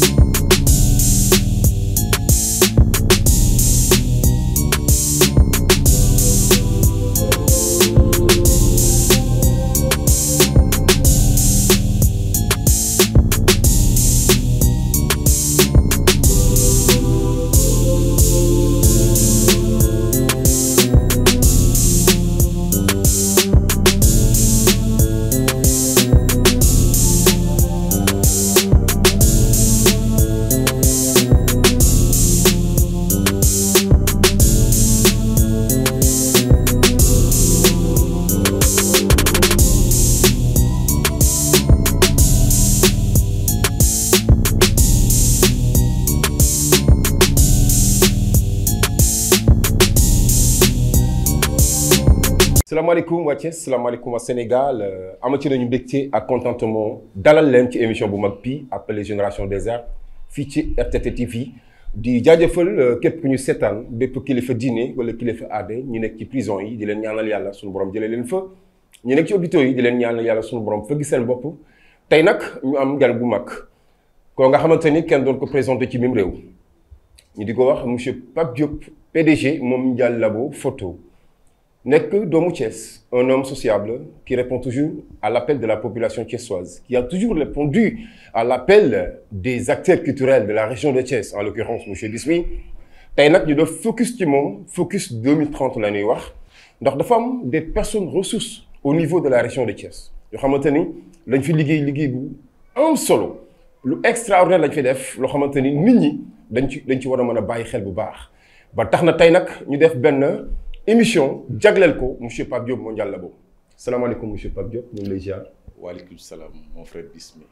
Peace. salaamaaleykum waa Thiès salaamaaleykum a Sénégal euh, amati nañu ci ak contentement dalal leen ci émission bu mag bii appelée génération des arts fii ci RTT TV di jaajëfal euh, képp ku ñu seetaan bépp kilifa diine wala kilifa aada ñu nekk ci prison yi di leen ñaanal yàlla suñu borom jëlee leen fa ñu nekk ci hôpitaux yi di leen ñaanal yàlla suñu borom fëgg seen bopp tey nag ñu am gan bu mag koo nga xamante ni kenn doon ko présenté ci même réew ñu di ko wax monsieur Pape Diop PDG moom Mondial Labo Photo nekk doomu Thiès un homme sociable qui répond toujours à l'appel de la population thiessoise qui a toujours répondu à l'appel des acteurs culturels de la région de Thiès en l'occurrence monsieur Bismi tey nag ñu def focus ci moom focus 2030 la ñuy wax ndax dafa am des personnes ressources au niveau de la région de Thiès yoo xamante ni lañ fi liggéey liggéey bu am solo lu extraordinaire lañ fi def loo xamante ni nit ñi dañ ci dañ ci war a mën a bàyyi xel bu baax ba tax na tey nag ñu def benn émission jagleel ko monsieur Pape Diop mondial labo salaamaaleykum monsieur Pape Diop ñu ngi lay ziar. waaleykum salaam mon frère Bismi.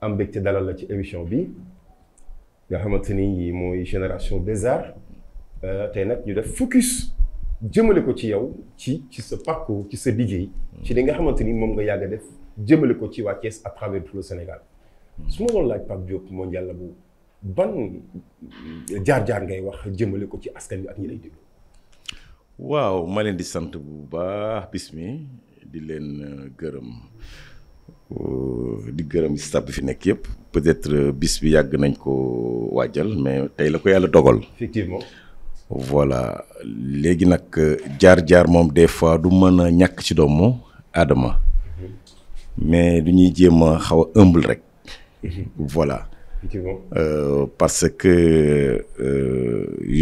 am mbégte dalal la ci émission bi nga xamante ni mooy génération des euh, tey nag ñu def focus jëmale ko ci yow ci ci sa parcours ci sa liggéey ci li nga xamante ni moom nga yàgg def jëmale ko ci waa Thiès à travers tout le Sénégal mondial labo ban jaar-jaar ngay wax jëmale ko ci askan wi ak ñi lay déglu. waaw ma leen di sant bu baax bismi di leen euh, gërëm euh, di gërëm staff bi fi nekk yëpp peut-être euh, bis bi yàgg nañ ko waajal mais tey la ko yàlla dogal. effectivement. voilà léegi nag jaar-jaar moom des fois du mën a ñàkk ci doomu aadama mhm. mais du ñuy jéem a xaw a humble rek. Mhm. voilà. Euh, parce que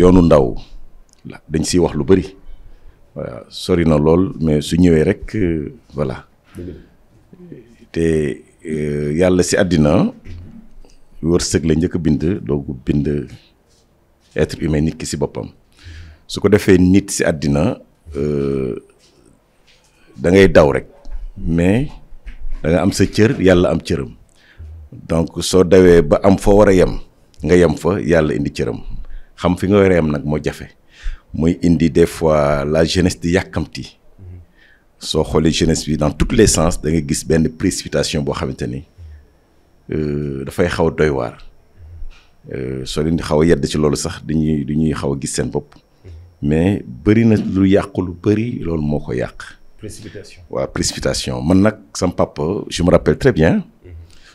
yoonu ndaw dañ siy wax lu bëri. voilà sori na lool mais su ñëwee rek euh, voilà te euh, yàlla si àddina wërsëg la njëkk a bind doogu bind être humain nit ki si boppam su ko defee nit si àddina euh, da ngay daw rek mais danga am sa cër yàlla am cëram donc soo dawee ba am fa war a yem nga yem fa yàlla indi cëram xam fi nga war a yem nag moo jafe mooy indi des fois la jeunesse di yàkkamti soo xoolee jeunesse bi dans tous les sens da nga gis benn précipitation boo xamante ni euh, dafay xaw a doy waar euh, soo leen di xaw a yedd ci loolu sax dañuy ñuy xaw a gis seen bopp mais bëri na lu yàqu lu bëri loolu moo ko yàq. précipitation waaw précipitation man nag sam papa je me rappelle très bien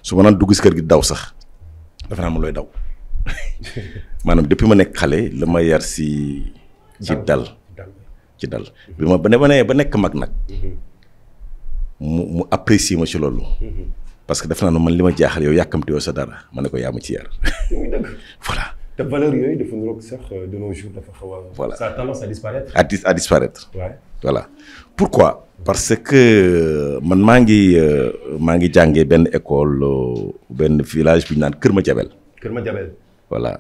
su ma naan dugg si kër gi daw sax dafa naa ma looy daw maanaam depuis ma nekk xale la ma yar si. ci dal ci dal bi ma ba ne ba ne ba nekk mag nag mm-hmm. mu mu apprécier ma ci loolu mm-hmm. parce que def naa ne man li ma jaaxal yow yàkkamti woo sa dara ma ne ko yaa ma ci yar voilà te valeur yooyu dafa niroog sax euh, de nos voilà ça a pourquoi parce que euh, man maa ngi euh, maa ngi jàngee benn école benn village bu ñu naan Kër ma Madiabel Kër Madiabel voilà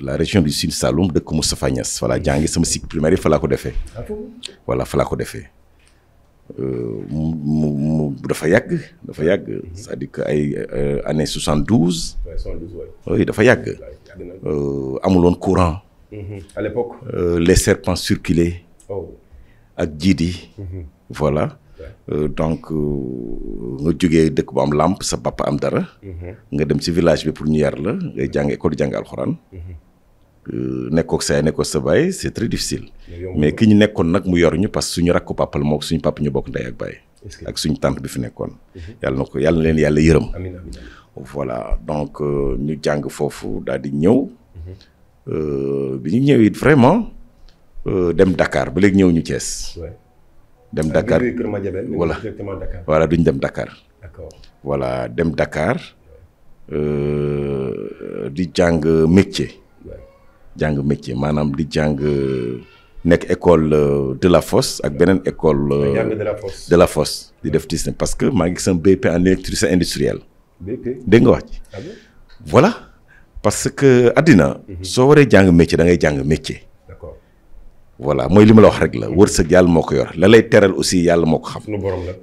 la région du Sine Saloum dëkk Moustapha Niass voilà jàngi sama cycle primaire yi fa laa ko defee. Ah voilà fa laa ko defee euh, mu mu dafa yàgg dafa yàgg c'est-à-dire que ay euh, année 72. 72 oui dafa yàgg. Euh, amuloon courant. Mm-hmm. à l'époque. les serpents circulaient. Oh. ak jiidi. Mm-hmm. voilà. Euh, donc euh, nga jógee dëkk bu am làmp sa papa am dara. Mhm. nga dem si village bi pour ñu yar la ngay jàng école jàng alxuraan. Mhm. Euh, nekkook say nekkook sa baay c'est très difficile. mais ki ñu nekkoon nag mu yor ñu parce que suñu rakku papa la moo suñu papa ñu bokk ndey ak baay. ak suñu tànt bi fi nekkoon. Mhm. yàlla na ko yàlla na leen yàlla yërëm. voilà donc ñu jàng foofu daal di ñëw. bi ñu ñëw it vraiment dem Dakar ba léegi ñëw ñu Thiès. dem euh, Dakar voilà voilà duñ dem Dakar. voilà dem Dakar euh, di jàng métier. jàng métier maanaam di jàng euh, nekk école de la Fosse ak beneen école. de la Fosse di def tis parce que maa ngi sama BP en électricité industrielle. dégg nga wax ci ah voilà parce que àddina. Mhm. soo waree jàng métier da ngay jàng métier. voilà mooy li ma la wax rek la wërsëg yàlla moo ko yor la lay teral aussi yàlla moo ko xam.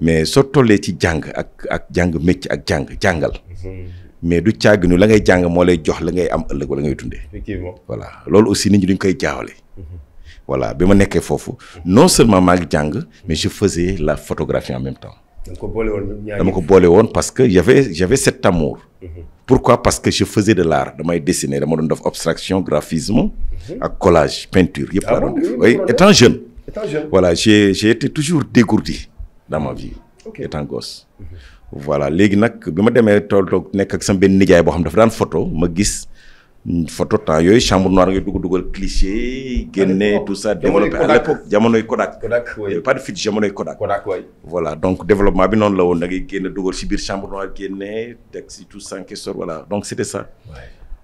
mais soo tollee ci jàng ak ak jàng mécc ak jàng jàngal. Mm-hmm. mais du caaginu la ngay jàng moo lay jox la ngay am ëllëg wala ngay dundee. effectivement voilà loolu aussi nit ñi duñ koy jaawale. Mm-hmm. voilà bi ma nekkee foofu non seulement maa ngi jàng mais je faisais la photographie en même temps. dama ko boole woon parce que j'avais j'avais cet amour mhm. pourquoi parce que je faisais de l'art damay dessiner dama doon def abstraction graphisme mhm. ak collage peinture yëpp ah laa doon def jeune voilà j'ai j'ai été toujours dégourdi dans ma vie étant gosse mhm. voilà léegi nag bi ma demee tool toog nekk ak sama benn nijaay boo xam dafa daan photo ma gis photo temps yooyu chambre noire nga dugg dugal cliché génne tout ça développé à l'époque jamonoy Kodak pas de filtre Kodak voilà donc développement bi noonu la woon dangay ngay génne dugal si biir chambre noire génne teg si tout ça question voilà donc c'était sa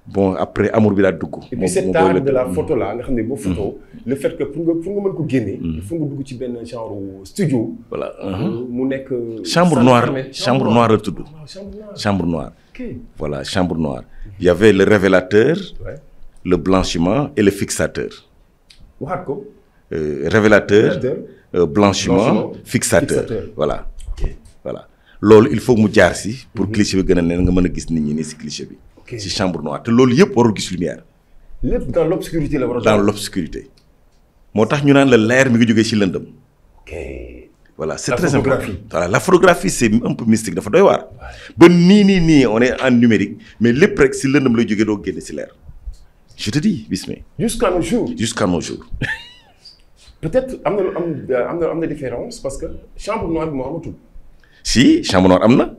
bon après amour bi laa dugg et puis cet art de la photo là nga xam ne boo mm-hmm. photo le fait que pour nga pour nga mën ko génne mm-hmm. il faut nga dugg ci benn genre studio voilà euh, mu nekk euh, chambre noire chambre noire la tudd chambre Voilà, chambre noir Il le révélateur, le blanchiment et le fixateur. Euh, révélateur, euh, blanchiment, blanchiment, fixateur. Voilà. Okay. voilà. loolu il faut mu jaar si pour mhm. cliché bi gën a neen nga mën a gis nit ñi ni si cliché bi. si chambre noire te loolu yëpp warul gis lumière. lépp dans l'obscurité moo tax ñu naan la leer mi ngi jógee si lëndëm. voilà c'est très important voilà l'afrographie c'est dafa doy waar. ba nii nii nii on est numérique mais lépp rek si lëndam lay jógee doo génne si leer. je te dis Bismi. jusqu'à nos jours jusqu'à nos jours. peut-être am na différence parce que chambre noire bi moo amatul. si chambre noire am na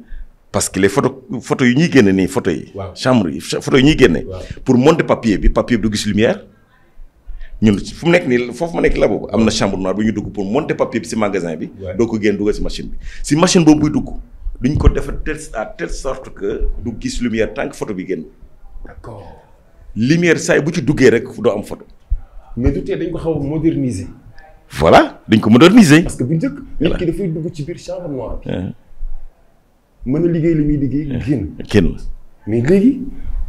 parce que les photos photos yu ñuy génne nii photos yi. waaw chambre yi photos yi ñuy génne. pour monter papier bi papier bi du gis lumière. ñun fu mu nekk nii foofu ma nekk la boobu am na chambre noire bu ñu dugg pour monter papier bi si magasin bi. doo ko génn dugal si machine bi. si machine boobu buy dugg duñ ko defar telle à telle sorte que du gis lumière tant que photo bi génn. d'accord lumière saa bu ci duggee rek doo am photo. mais du tee dañ ko xaw a moderniser. voilà dañ ko moderniser. parce que bu njëkk nit ki dafay dugg ci biir chambre noire bi. mën a liggéey li muy liggéey génn. génn mais léegi.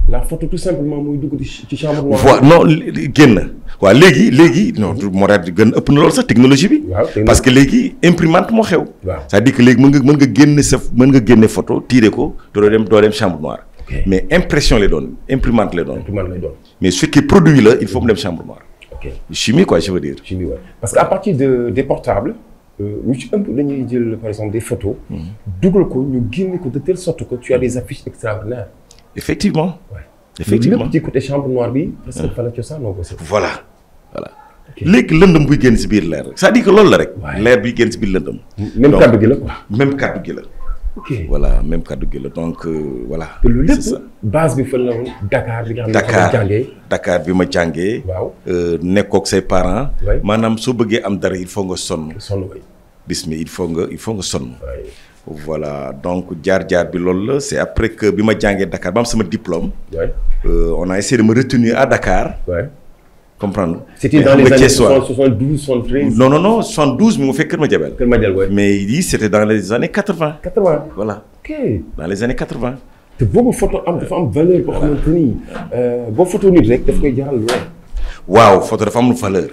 la photo tout simplement muy dugg ci chambre noire. non génn waaw léegi léegi non moo daal ëpp na loolu sax technologie bi. parce que léegi imprimante moo xew. waaw cest dire que léegi mën nga mën nga génne sa mën nga génne photo tiire ko te doo dem doo dem chambre noire. mais impression lay doon imprimante lay doon. imprimante mais su fekkee produit la il faut mu dem chambre noire. ok chimie quoi je veux dire. parce que à partir de des portables. Euh, ñu ci ëmb dañuy jël par exemple mm-hmm. ko ñu génne ko de telle sorte que effectivement. effectivement lépp ci côté chambre noire bi. parce que fa la cosaanoo ko si. voilà léegi lëndëm buy génn si biir leer rek cest à loolu la rek. leer buy génn si biir lëndëm. même kàddu gi la même kàddu gi la. ok voilà même kàddu gi la donc euh, voilà. te lu lépp base bi fan la woon Dakar bi nga bi ma jàngee. waaw euh, nekkook say parents. maanaam soo bëggee am dara il faut nga sonn. sonn waay bismi il faut nga il faut nga sonn. voilà donc jaar-jaar bi loolu la c'est après que bi ma jàngee Dakar ba am sama diplôme. Euh, on a essayé de me retenir à Dakar. comprendre c'était dans les années 72 73. non non non 72 mu ngi fekk Kër Madiabel. Kër Madiabel mais lii c'était dans les années 80. 80 voilà. ok dans les années 80. te boobu photo am dafa am valeur boo xamante ni euh, boo photo nit rek daf koy jaral lool. waaw photo dafa am valeur.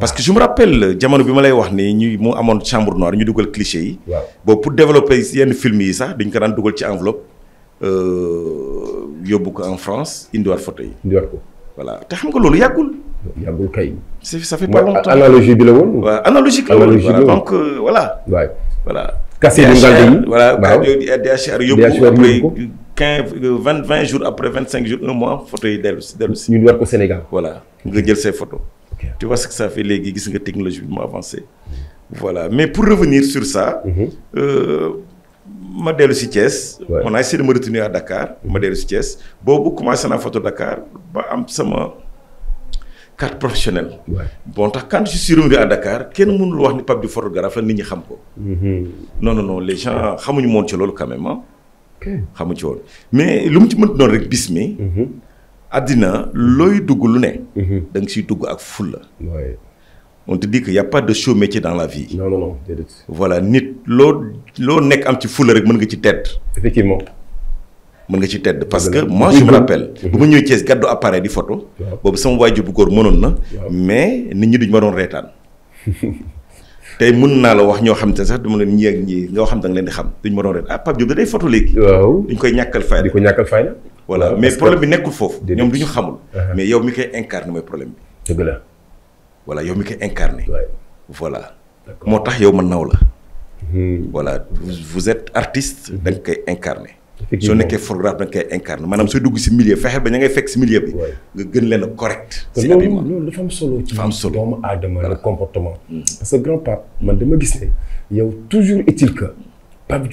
parce que je me rappelle jamono bi ma lay wax ni ñu mu amoon chambre noire ñu dugal cliché yi. boobu pour développer yenn film yi sax dañ ko daan dugal ci enveloppe euh, yóbbu ko en France indiwaat photo yi. indiwaat ko voilà te xam nga loolu yàggul. yàggul kay. ça fait pas longtemps analogie bi la woon. waaw analogie la woon donc euh, voilà. waay voilà. après quinze euh, vingt vingt jours après vingt cinq jours un mois photo yi dellu si dellu nga jël say photo Okay. Tu vois ce que ça fait léegi gis nga technologie bi mu avancé. voilà mais pour revenir sur ça. Mhm. Euh, ma dellu si Thiès. on a essayé de à Dakar ma dellu si Thiès boobu commencé naa photo Dakar ba am sama carte professionnelle. boo tax quand je suis revenu à Dakar kenn mënul wax ni Pape Diouf photographe la nit ñi xam ko. Mhm. non non non les gens xamuñu moon ci loolu quand même ah. ci woon mais lu mu ci mënti noonu rek bis mhm. àddina looy dugg lu ne. Mhm. da nga siy dugg ak fulla. on te dit que y' a pas de chaud métier dans la vie. non non voilà nit loo loo nekk am ci fulla rek mën nga ci tedd. effectivement. mën nga ci tedd parce que moi je me rappelle. Mhm. bu ma ñëwee Thiès gàddu appareil di photo. boobu sama bu góor mënoon na. mais nit ñi duñ ma doon reetaan. tey mun naa la wax ñoo xam ne sax dama leen ñii ak ñii nga xam da nga leen di xam duñ ma doon reetaan ah Pape Diop da day photo léegi. duñ koy ñàkkal fayda. di ko ñàkkal voilà mais problème bi nekkul foofu. ñoom du ñu xamul. Uh-huh. mais yow mi koy incarné mooy problème bi. dëgg la. voilà yow mi koy incarné. voilà. moo tax yow ma naw la. Hmm. voilà vous êtes artiste. Hmm. da nga koy incarné. soo nekkee photographe da nga koy incarné maanaam soo dugg si milieu fexe ba ña ngay fekk si milieu bi. nga gën leen a correct. si habillement loolu dafa am solo. dafa am solo ci doomu aadama le comportement. Hmm. parce que grand pape man dama gis ne yow toujours est-il que Pape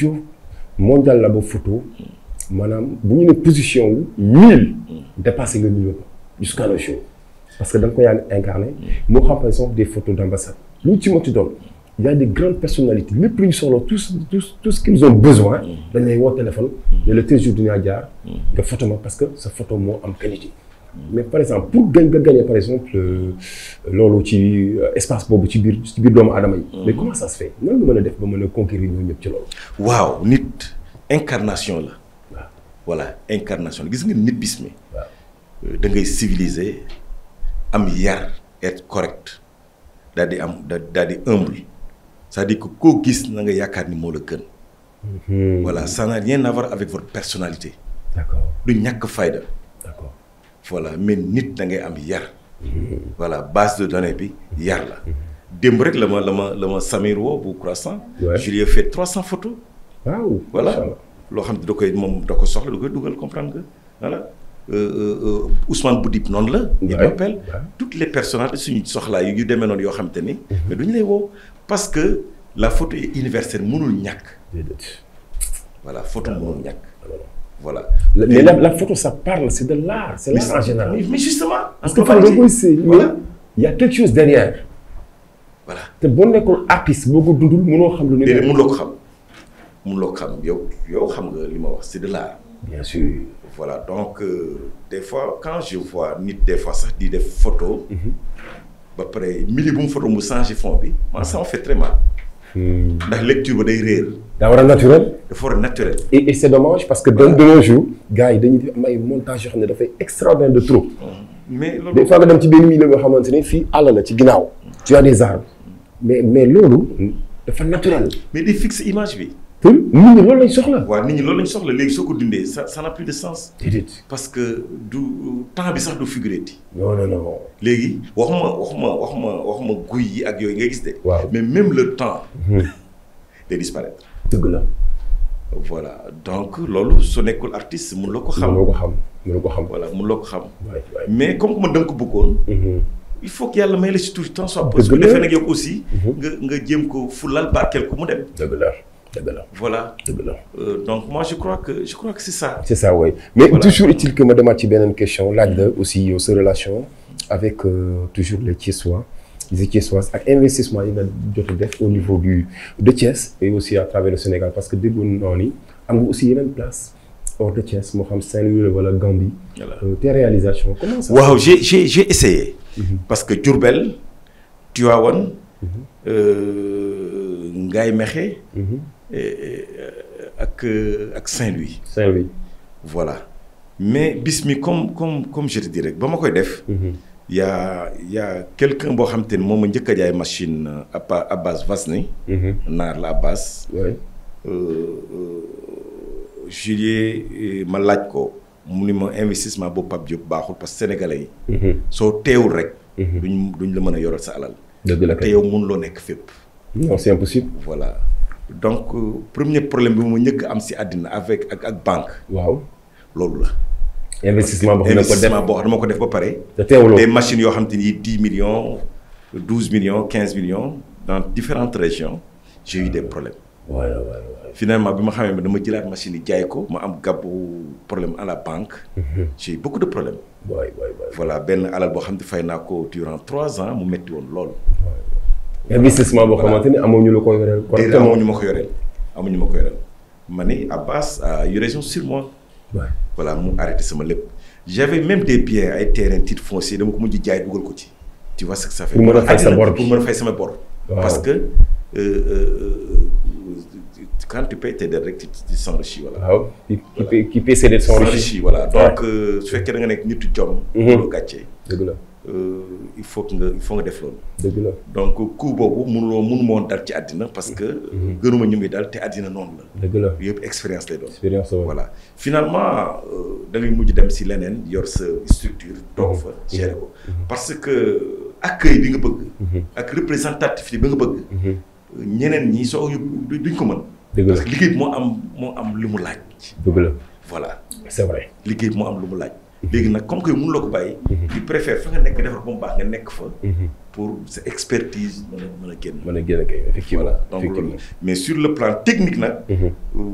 maanaam bu ñu ne position wu mille dépassé nga million jusqu'à nos jours parce que da nga ko yàlla incarné moo xam par exemple des photos d'ambassade lu ñu ci moti doon il y a des lu ñu soxla tous tous tout ce qu'ils ont besoin dañ lay woo téléphone ne le tel jour dinaa jaar nga photo ma parce que sa photo moo am qualité mais par exemple pour gañ nga gagner par euh, loolu ci euh, espace boobu ci biir ci biir doomu aadama yi mais comment ça se fait def ba mën a conquérir ñooñu ñëpp ci loolu waaw nit incarnation la voilà incarnation gis nga népisme euh, da dangay civilisé am yar être correct daal di am daal di humble cest dire que gis na nga yaakaar ni moo la gën. Mhm. voilà ça n'a rien à avec votre personnalité. du ñàkk fayda. d'accord voilà mais nit da ngay am yar. Mhm. voilà base de données bi yar la. Mhm. démb rek la ma la ma la ma Samir woo bu croissant. je lui ai fait photos. waaw voilà. loo xam ne da koy moom da ko soxla da koy dugal comprendre que voilà euh, euh, euh, Ousmane Boudib noonu la. il m'appelle toutes les personnalités suñu soxlaa yu demee noonu yoo xam te ni. mais ñu lay woo parce que la photo est universelle mënul ñàkk. voilà photo ah mënul ñàkk. Ah voilà mais la la photo ça parle c'est de l'art c'est l'art mais justement. parce que par exemple voilà il y a quelque chose ko xam. mënuloo xam yow yow xam nga li ma wax c'est de l'art. bien sûr voilà donc euh, des fois quand je fois nit des fois sax di def photo. Mhm. ba pare mili bu mu photo mu changé fond bi ma ça me fait très mal. Hmm. ndax lecture ba day réer. daa war a naturel. dafa war a naturel. et et c'est dommage parce que voilà. de nos jours. gars yi dañuy am montage yoo xam ne dafay extraordinaire de trop. Hmm. mais loolu des fois nga dem ci benn milieu boo xamante ne fii àll na ci ginnaaw. tu des arbres mais mais loolu dafa naturel. bi. te nit ñi loolu lañ soxla. waaw nit ñi loolu lañ soxla léegi soo ko dindee ça ça n'a plus de sens. déedéet parce que du temps bi sax du figuré ti. non non non. léegi waxuma waxuma waxuma waxuma guy yi ak yooyu nga gis de. waaw mais même le temps. Hmm. day disparaître. dëgg la. voilà donc loolu su nekkul artist mun la ko xam. mun la ko xam ko xam. voilà mun ko xam. mais comme que man da nga ko bëggoon. Hmm. il faut que yàlla may la si tuuti temps soit. parce que defe nag yow aussi. Hmm. nga nga jéem ko fulal barkeel ko mu dem. dëgg la. dëgg voilà dëgg la euh, donc moi je crois que je crois que c'est ça. c'est ça oui mais toujours est-il que ma demaat ci beneen question laaj la aussi yow euh, sa relation avec euh, toujours les Thiessois les Thiessois ak investissement yi nga jot a def au niveau du de Thiès et aussi à travers le Sénégal parce que déggoon naa ni am nga aussi yeneen place hors de Thiès moo xam Saint-Louis wala Gambie. voilà euh, tes waaw j'ai j'ai essayé. Mm-hmm. parce que Diourbel Tivaouane. Mm-hmm. Euh, Ngaye Mekhe. Mm-hmm. Euh, ak euh, ak Saint-Louis. Saint-Louis. voilà mais bis comme comme comme je te rek ba ma koy def. Mhm. y' a y' a quelqu'un boo xam te ne moom ma njëkk a jaay machine euh, Abba Abbas Vasni. Mhm. naar la Abbas. juillet ma laaj ko mu ni ma investissement boobu Pape Diop baaxul parce que sénégalais yi. Mhm. soo teewul rek. duñ duñ la mën a yoral sa alal. dëgg la te yow mënuloo nekk fépp. non c'est impossible. voilà. donc euh, premier problème bi ma njëkk am si àddina avec ak ak banque. waaw loolu la. investissement boo xam ko def ba pare. te teewuloo machines yoo xam ni dix millions douze millions quinze millions dans différentes régions j'ai eu des problème waaw waaw finalement bi ma xamee ne dama jëlaat machine yi jaay ko ma am gàbbu problème à la banque. Mhm. j'ai eu beaucoup de problème waay voilà benn alal boo xam ne fay naa ko durant trois ans mu metti woon lool. investissement boo xamante ni amuñu la ko yoreel. correctement amuñu ma ko yoreel amuñu ma ko yoreel ma ni Abbas a eu raison sur moi. voilà mu arrêté sama lépp. j'avais même des biens ay terrain titre foncier dama ko mujj jaay dugal ko ci. tu vois ce que ça fait. pour mën a fay sa bor pour fay sama bor. parce que euh, euh, euh, quand tu paies tes dettes rek tu tu s'enrichis voilà. waaw ah qui qui paie voilà donc su fekkee da nga nekk nitu jom. Mhm. loolu gàccee la. Euh, il faut que nga il faut nga def loolu. dëgg donc coup boobu mënuloo mënuma woon dal ci àddina parce que. Mm-hmm. gënuma ñu ngi dal te àddina noonu la. dëgg la yëpp expérience lay doon. expérience voilà finalement euh, da ngay mujj dem si leneen yor sa structure toog fa mm-hmm. gérer mm-hmm. parce que accueil bi nga bëgg. ak représentativité bi nga bëgg. ñeneen ñi soo duñ ko mën. parce que liggéey bi moo am moo am lu mu laaj. dëgg la voilà. c'est liggéey bi moo am lu mu laaj. léegi nag comme que mënu la ko bàyyi. di mhm. préfère fa nga nekk defar ba mu baax nga nekk fa. Mhm. pour sa expertise mën a mën génn. mën a génn effectivement voilà sur le plan technique nag. Mhm.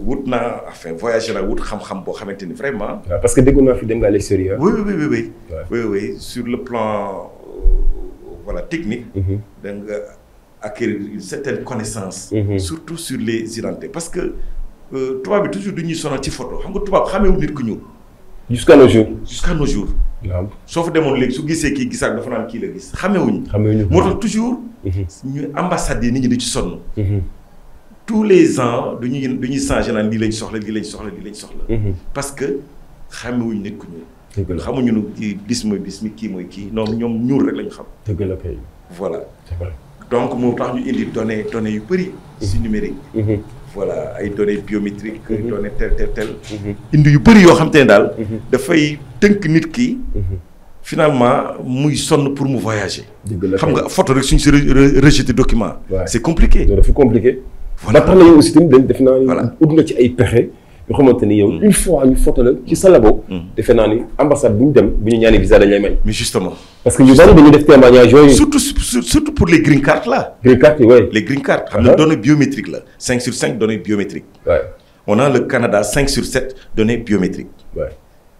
wut na enfin voyagé naa wut xam-xam boo xamante ni vraiment. waaw parce que déggoon naa fi dem nga à l'extérieur. oui oui oui oui. oui sur le plan euh, voilà technique. da nga acquérir une certaine connaissance. surtout sur les identités parce que euh, tubaab bi toujours du ñuy sonal ci photo xam nga tubaab xamewul nit ku ñuul. jusqu'à nos jours. jusqu'à nos jours. waaw soo fa demoon léegi su gisee kii gisaat dafa naan kii la gis xamewuñu. xamewuñu moo tax toujours. Mhm. ñu ambassades yi nit ñi di ci sonn. Mhm. tous les ans dañuy dañuy changé naan lii lañ soxla lii lañ soxla lii lañ soxla. Mhm. parce que xamewuñu nit ku ñuul. xamuñu nu kii bis mooy bis mi kii mooy kii non ñoom ñuul rek lañ xam. dëgg la kay. voilà. donc moo tax ñu indi données données yu bëri. si numérique voilà ay données biométriques. Mhm. données tel tel tel. Mhm. indi yu bëri yoo xam te ne daal. Mhm. dafay tënk nit ki. finalement muy sonn pour mu voyager. xam nga photo rek suñ si rejeté document. c'est compliqué. dafa compliqué. voilà ba tax na yow aussi tamit dañ def naa. voilà na ci ay pexe. yoo xamante ni yow mm. une fois ñu la sa labo mm. defe naa ni ambassade bu ñu dem bu ñu ñaanee visa dañ lay may mais justement que ñu bari dañu pour les green cards uh-huh. la cinq sur cinq données biométriques ouais. on a le Canada cinq sur sept données biométriques ouais.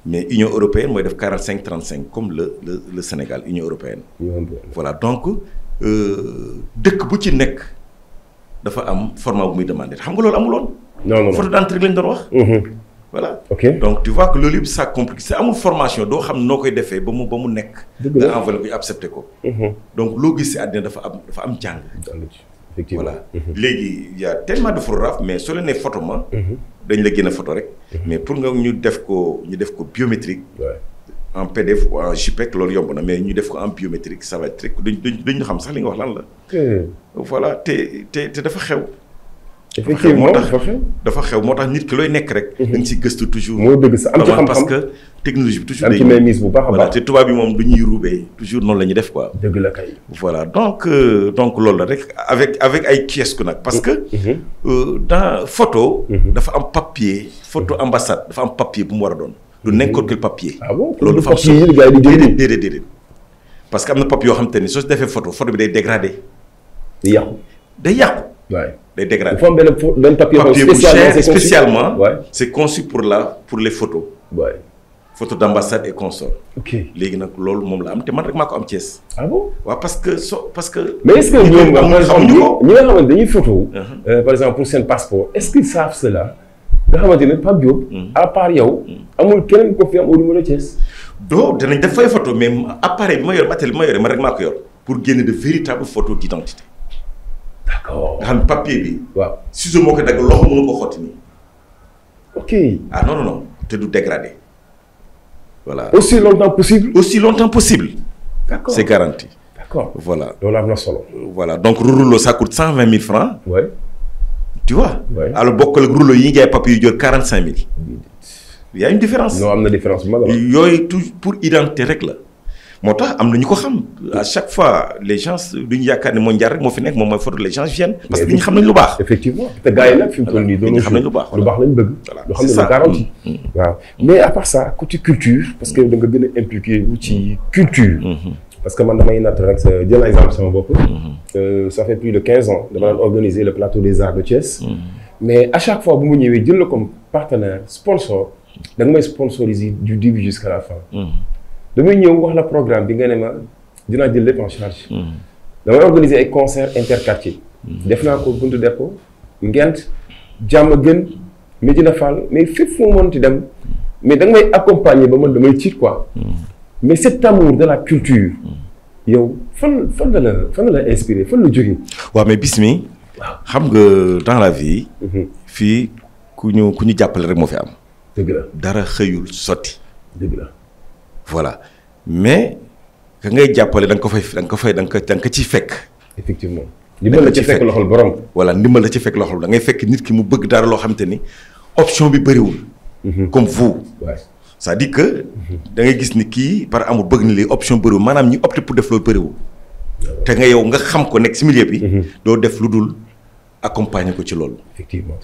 mais Union européenne mooy def 45 35 comme le le le Sénégal Union européenne. voilà donc euh, dëkk bu ci nekk dafa am format bu muy demandé xam nga loolu amuloon. non non photo d'entrée lañ doon wax. Mm-hmm. voilà ok donc loolu yëpp ça complique c'est amul formation xam noo koy defee ba mu ba mu nekk. dëgg la nga enveloppe yi accepté ko. Mm-hmm. si àddina am dafa am jàng. effectivement mm-hmm. léegi y a de photographes mais soo leen nee photo ma. dañ la génn photo rek. mais pour nga ñu def ko ñu def ko biométrique. en PDF ou en JPEG loolu yomb na mais ñu def ko en biométrique ça va être xam sax li nga wax lan la. Eh. voilà te te dafa xew. effectivement dafa xew dafa xew moo tax nit ki looy nekk rek. Mhm. da nga ciy gëstu toujours. moo dëgg sa am ci xam-xam toujours. day mise bu baax a baax te tubaab bi moom la ñuy def quoi. dëgg la kay. voilà donc euh, loolu la rek avec avec ay kiosque parce que mhm. Mhm. Euh, dans photo. dafa am papier. photo ambassade dafa am papier bu mu war a doon. du n'importe quel papier. ah bon loolu dafa am solo papier yi gars di déedéet que am na papier yoo xam te soo defee photo photo bi day dégradé. yàqu day yàqu. day dégradé. bu fa am benn spécialement c'est conçu pour la pour les photos. waay photo d'ambassade et consort. ok léegi nag loolu moom la am te man rek maa ko am Thiès. ah bon waaw parce que so parce que. mais est-ce que ñoom nga xamuñu ko xamante dañuy photo. Uh-huh. Euh, par exemple pour seen passeport est-ce qu'ils savent cela. nga xamante ne Pape Diop. Mm-hmm. à part yow. Mm-hmm. amul keneen ko fi am au numéro Thiès. doo danañ def fay photo mais appareil bi ma yor matériel bi ma yore man rek maa ko yor. pour génne de d'accord nga xam ne papier bi. waaw ciseau moo ko dagg loxo mënu ko xotti nii. ok ah non non non te du dégradé voilà. aussi longtemps possible. aussi longtemps possible. d'accord garanti. voilà solo. voilà donc rouleau ça coûte cent vingt mille francs. ouais. tu vois. oui bokk bokkal ak rouleau yi ñuy jaay papier yu jël quarante cinq mille. y une différence. non am na différence bu mag yooyu pour identité rek la. moo tax am na ñu ko xam à chaque fois les gens du ñu yaakaar ne moo njar rek moo fi nekk moom mooy photo les gens viennent. parce que ñu xam nañ lu baax. effectivement te gars yi fi mu toll nii. doon xam nañ lu baax lu baax lañ bëgg. lu xam ne lu garanti. Mm, mm. waaw mais à part ça côté culture. parce que da nga gën a impliqué wu ci culture. Mm-hmm. parce que man damay natt rek sa jël exemple sama bopp. Mm-hmm. Euh, ça fait plus de quinze ans dama daan organiser le plateau mm-hmm. mais chaque fois bu ma ñëwee jël la comme partenaire da nga may sponsoriser du la fin. damay ñëw wax la programme bi nga ne ma dinaa jël lépp en charge. damay organiser ay concert interquartier. Mm. def naa ko buntu ko Ngent jàmm gën Medina Fall mais fépp fu mu mënti dem mais da may accompagner ba man damay tiit quoi. Mm. mais cet amour de la culture. Mm. yow fan fan la la fan la la inspiré fan la jógee. waaw mais Bismi. xam nga dans la vie. Mm-hmm. fii ku ñu ku ñu jàppale rek moo fi am. dëgg la dara xëyul sotti. dëgg voilà mais ka ngay jàppale da nga ko fay da nga ko fay da nga ko da nga ko ciy fekk. effectivement ndimbal la ci fekk loxol borom. voilà ndimbal la ci fekk loxol da ngay fekk nit ki mu bëgg dara loo xamante ni option bi bëriwul. Mhm. comme vous. Ouais. cest à que mhm. da ngay gis ni kii par amul bëgg ni lii option bëriwul maanaam ñi opté pour def loolu bëriwul. te nga yow nga xam ko nekk ci milieu bi. Mhm. doo def lu dul accompagner ko ci loolu. effectivement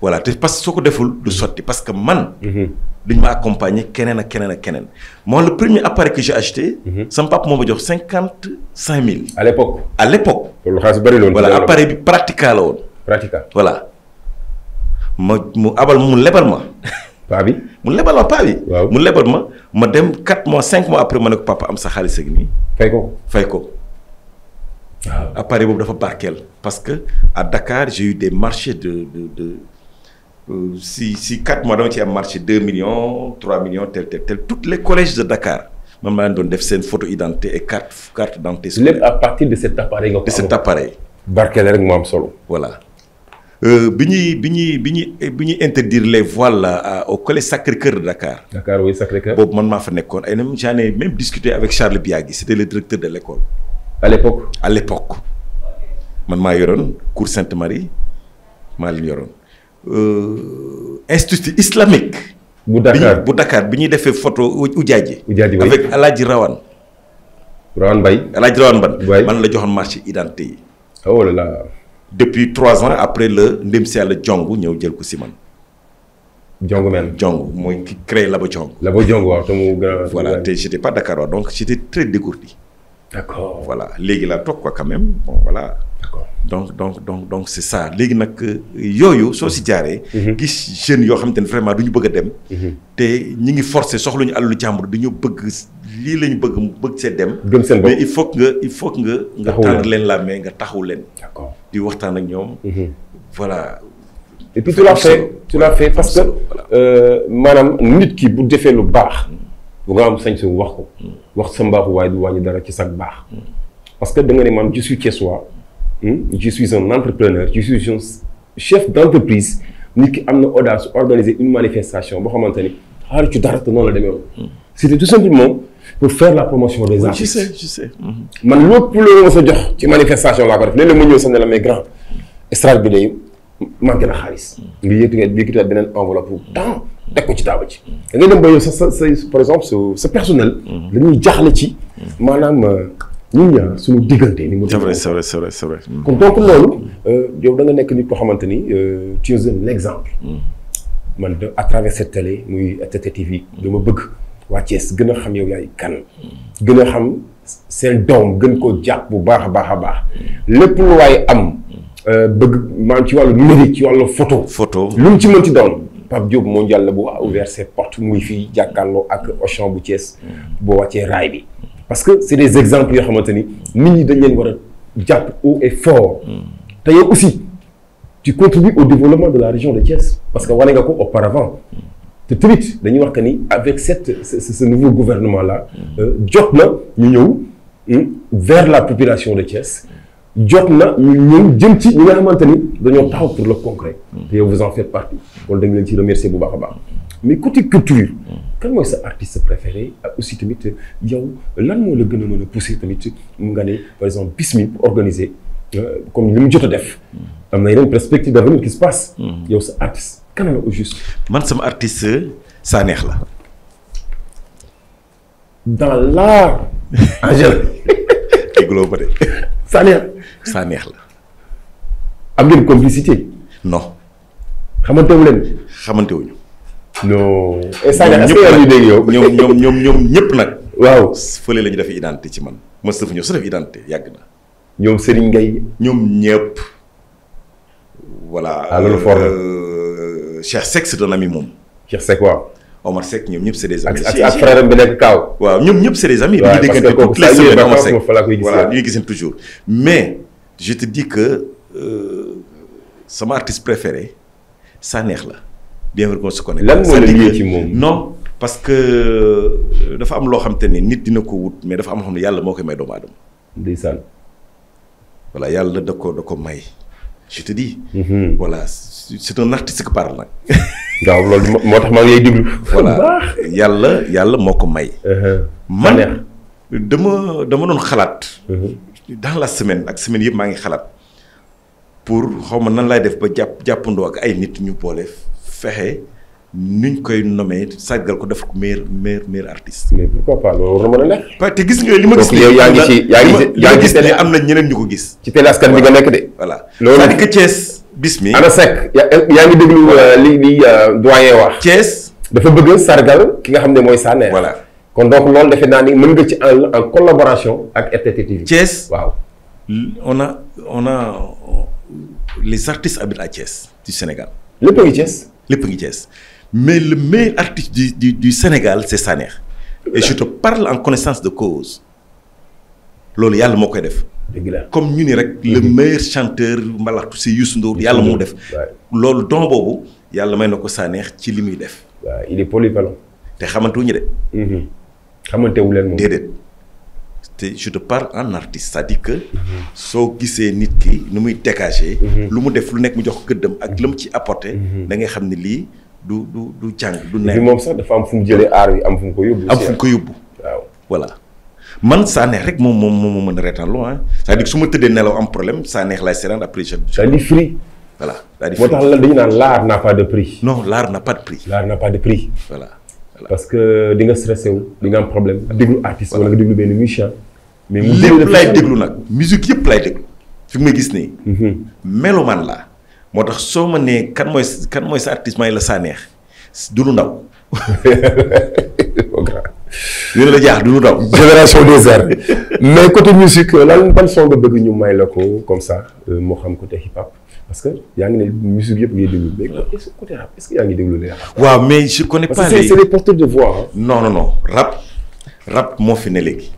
voilà te parce que soo ko deful du sotti parce que man. Mhm. dañ ma accompagner keneen ak keneen ak keneen. moo le premier appareil que j'ai acheté. Mhm. sama papa moo ma jox cinquante cinq mille. à l'époque à l'époque. loolu xaalis bëri bi pratical la woon. pratical voilà. ma mu abal mu lebal ma. mu lebal ma paa mu lebal ma ma dem 4 mois cinq mois après ma ne ko papa am sa xaalis ak nii. fay ko fay ko. waaw appareil boobu dafa barkeel. parce que à Dakar j'ai des marchés de de de. Euh, si si quatre mois dama ci am marché deux millions trois millions tel tel tel toutes les collèges de Dakar man maa doon def seen photo identité et carte carte d'identité. lépp à partir de cet appareil nga ko de cet appareil. barkeel rek moo am solo. Euh, bi ñuy bi ñuy bi ñuy bi ñuy interdire les voiles là au collège Sacré-Cœur de Dakar. Dakar oui boobu man maa fa nekkoon ay même mu ai même discuté avec Charles Biagui c'était le directeur de l'école. à l'époque à l'époque man maa yoroon cours Sainte-Marie maa leen yoroon. Euh, institut islamique. bu Dakar bu Dakar bi ñuy defee photo Ujaaji. Ujaaji avec El Hadj Rawane. Rawane Mbaye El Hadj Rawane Mbaye man la joxoon marché identité yi. oh là là. depuis trois ans après la ndem si yàlla jong ñëw jël ko si man. jong men jong mooy ki créé Labo Jong. Labo Jong waaw te mu gën a. voilà te j' pas Dakar waaw donc j' étais très dégourdi. léegi laa toog quoi quand bon voilà. donc donc donc donc c' est ça léegi nag euh, yooyu soo si jaaree. Mhm. gis jeunes yoo xamante ne vraiment duñu bëgg a dem. Mhm. te ñi ngi forcé soxla ñu àllu jàmbur du ñu bëgg lii la ñu bëgg bëgg see dem. gëm seen bopp mais il faut nga il faut nga. nga tànn leen la mais nga taxaw leen. d'accord di waxtaan ak ñoom. Mhm. voilà. et puis tu l'as fait parce que euh, maanaam nit ki bu defee lu baax. bu nga am sañ su wax ko. wax sa mbaaxu waaye du wàññi dara ci sag baax. parce que da nga ne maam je suis Thiessois. Hmm? je suis un entrepreneur je suis un chef d'entreprise nit ki am na audace organiser une manifestation boo xamante ni xaaru ci dara te noonu la demee woon. Hmm. c'était tout simplement pour faire la promotion des artistes. je sais je hmm. loolu ma sa jox ci manifestation laa ko def léeg-léeg ma ñëw sax ne la mais grand estrade bi day manqué na xaalis. nga yëkkati nga yëkkati beneen enveloppe pour temps teg ko ci taaba ji. da ngay dem ba yow sa sa sa personnel. dañuy jaaxle ci maanaam. Euh, ñun ñaar suñu diggante ni mu. c'est vrai c'est vrai c'est mm. kon donc loolu. Euh, yow da nekk nit ko xamante ni euh, tu es un exemple. Mm. man de à travers cette télé muy mm. bëgg waa Thiès gën a xam yow yaay kan. gën a xam seen doom gën koo jàpp bu baax a baax a baax lépp waaye am. Euh, bëgg maanaam ci wàllu ci wàllu photo. photo lu mu ci mënti doon. Pape Diop mondial la bu ouvert ses portes muy fii jàkkaarloo ak Auchan bu Thiès. boo wàccee raay bi. parce que c'est des exemples yoo xamante ni nit ñi dañ leen war a jàpp haut et hmm. te yow aussi tu contribues au développement de la région de Thiès parce que wane nga ko auparavant te tamit dañuy wax que ni avec cet ce, ce nouveau gouvernement là. Hmm. Euh, jot na ñu ñëw hmm, vers la population de Thiès. jot na ñu ñëw jëm ci ñi nga xamante ni dañoo taxaw pour la concret. te yow vous en faites partie. kon da leen ci remercier bu baax a baax. mais côté culture. kan mooy sa artiste préféré ak ah, aussi tamit euh, yow lan moo la gën a mën a poussé tamit mu nga ne par exemple Bismi pour euh, comme li mu jot a def. am na yeneen perspective d'avenir qui se passe. Mm-hmm. yow sa artiste kan la au juste. man sama artiste Sanekh la. dans l'art. Angèle. Ah, dégloo ba de. Sanekh. Sanekh la. am ngeen complicité. non. xamante wu leen. non. Sadio est ñoom ñoom ñoom ñëpp nag. waaw fële lañu ñu def identité ci man ma sëf ñëw su def identité yàgg na. ñoom Serigne Ngaye. ñoom ñëpp. voilà ah loolu fort la. moom. Cheikh Seck waaw. Omar Seck ñoom ñëpp c'est des amis. ak ak frère bi nekk Kaaw. waaw ñoom ñëpp c'est des amis. waaw parce que kooku saa yéen giseen toujours. mais je te dis que euh, sama artiste préféré Sanekh la. bien vrai qu'on lan moo la liggéey ci moom non parce que euh, dafa am loo xam te ni nit dina ko wut mais dafa am xam ne yàlla moo koy may doomu aadama. ndeysaan. voilà yàlla ko da ko may. je te dis. Mm-hmm. voilà c'est loolu moo tax maa ngi lay voilà yàlla yàlla moo ko may. Uh-huh. man dama dama doon xalaat. Mm-hmm. dans la semaine ak semaine yëpp maa ngi xalaat pour xaw ma nan laay def ba jàpp jàppandoo ak ay nit ñu boole fexe nuñ koy nomee sargal ko def ko meilleur meilleur meilleur artiste. a nekk. parce que gis nga li ma gis. yow ngi ci yaa ngi ci yaa gis am na ñeneen ñu ko gis. ci télé askan bi nga nekk de. voilà loolu c'est-à-dire que Thiès bis mi. ana Seck yaa ngi déglu euh, li li euh, doyen wax. Thiès dafa bëgg sargal ki nga xam ne mooy Sanér. voilà kon donc loolu defe naa ni mën nga ci en en collaboration ak RTT TV. Thiès waaw. on a on a les artistes Sénégal. lépp a ngi Thiès. lépp ngi Thiès mais le meilleur artiste du du Sénégal c'est Saner et je te parle en connaissance de cause loolu yàlla moo koy def. comme ñu ni rek le meilleur chanteur mbalaxtu si Youssou Ndour yàlla moo def. loolu don boobu yàlla may na ko Sanex ci li muy def. waaw il est polyvalent. te xamante wu ñu de. Mm-hmm. xamante leen moom déedéet. te je te parle en artiste c'est-à-dire que soo gisee nit ki nu muy dégager. Mhm. lu mu def lu nekk mu jox gëddam ak lu mu ci apporté. Mhm. da ngay xam ne lii du du du jàng du nekk. moom sax dafa am fu mu jëlee aar yi am fu mu ko yóbbu. am fu mu ko yóbbu. waaw voilà man saa neex rek moom moom moo ma mën a reetaanlu ah c'est-à-dire su ma tëddee nelaw am problème saa neex laay seetaan après je. daal di fri. voilà daal di. moo tax lan dañu naan l'art n'a pas de prix. non l'art n'a pas de prix. l'art parce que di nga stressé wu di nga am problème déglu artiste wala nga déglu benn mais lépp lay déglu nag musique yëpp lay déglu fi may gis nii. Mhm. melomaan la moo tax soo ma nee kan mooy kan mooy sa artiste may la saaneex du lu ndaw. dina la jaax du lu ndaw. génération des arts mais côté musique lan ban son nga bëgg ñu may la ko comme ça euh, moo xam côté hip hop parce que yaa ngi ne musique yëpp ngay déglu mais côté rap est-ce yaa ngi déglu les rap. waaw mais je connais pas les parce que c'est des porteurs de voix. non non non rap rap moo fi ne léegi.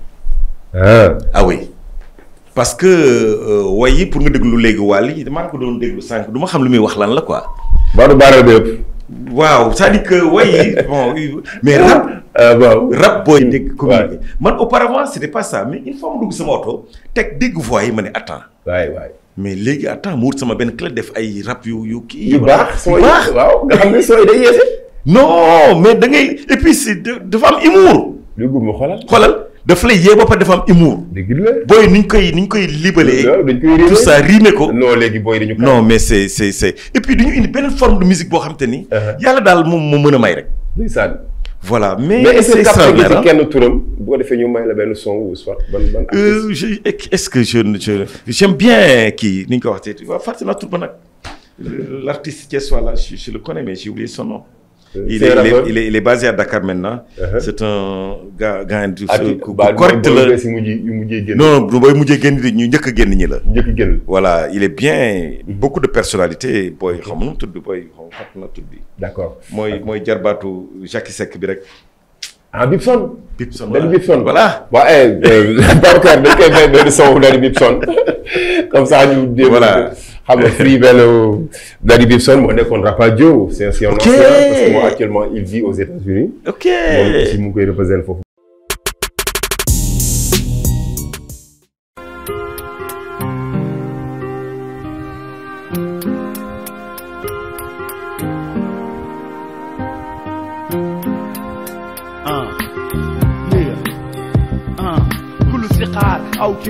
Ah. ah oui parce que euh, way yi pour nga déglu léegi wàll yi damaa ko doon déglu sànq du ma xam lu muy wax lan la ko Badou waaw c'est-à-dire que mais rap. Ah, ah, waaw booy dégg hmm, commune bi man auparavant c'était pas ça mais une fois ma dugg sama oto teg dégg voix yi ma ne attends. waaye waaye mais léegi attends mu wut sama benn clé def ay rab yu yu kii. yu baax sooy waaw nga xam ne sooy day yeese. non mais da ngay dafa am humour. déggu ma xoolal xoolal. daf lay yee ba am humour. dëgg ni ñu koy ni ñu koy libalee. tout ça riime ko. non léegi booy dañu non mais c' est c' est c' du ñu indi beneen forme de musique boo xam te ni. Uh-huh. yàlla daal moom moo mën a may rek. ndeysaan. voilà mais. mais est ce que ci ko defee ñu may la benn son wu soit ban ban. Euh, est ce que je je kii ni ñu ko waxee waaw fàttali naa tur le connais mais j'ai son nom. Il est, est il, est, il, est, il est Dakar maintenant. Uh -huh. C'est un gars correct la non booy mujjee génn ñu njëkk génn ñi la. njëkk a génn voilà il est bien. beaucoup de personalité booy xam nu tudd booy xam na tudd. d'accord mooy mooy jarbaatu Jackie Seck bi rek. ah Bibson. Bibson voilà Bibson voilà. waaw Babacar koy benn son bu Bibson comme ça ñu. voilà. xam nga fii benn Larry Gibson moo nekkoon Rapa Joe. c'est un ancien parce que moom actuellement il vit aux États-Unis ok moom aussi mu ngi koy représenté foofu.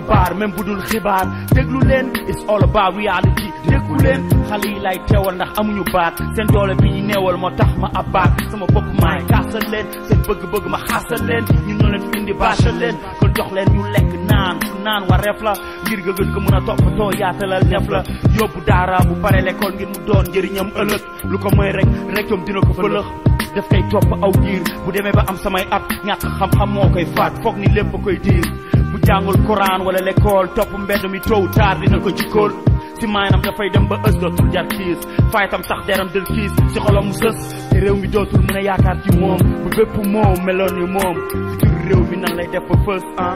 xibaar même bu dul xibaar déglu leen it's all about reality déggu leen xale yi lay teewal ndax amuñu baat seen bi ñu moo tax ma abbaat sama bopp maay kaasal leen bëgg-bëgg ma xaasal leen ñu ñoo leen indi baasal leen ko jox leen ñu lekk naan su naan wa ref la ngir nga gën ko mën a toppatoo yaatalal nef la yóbbu daara bu pare l'école ngir mu doon njëriñam ëllëg lu ko mooy rek rek yom dina ko fëlëx daf koy topp aw diir bu demee ba am samay at ñàkk xam-xam moo koy faat foog ni lépp koy diir bu jàngul Quran walla l'école topp mbedd mi tôt ou tard dina ko jikkool si maanaam dafay dem ba ës dootul jar kiis fayitam sax deram dël kiis si xolam mu sës te réew mi dootul mën a yaakaar ci moom bu bépp moom meloon ni moom si jur réew mi nan lay def ba fës ah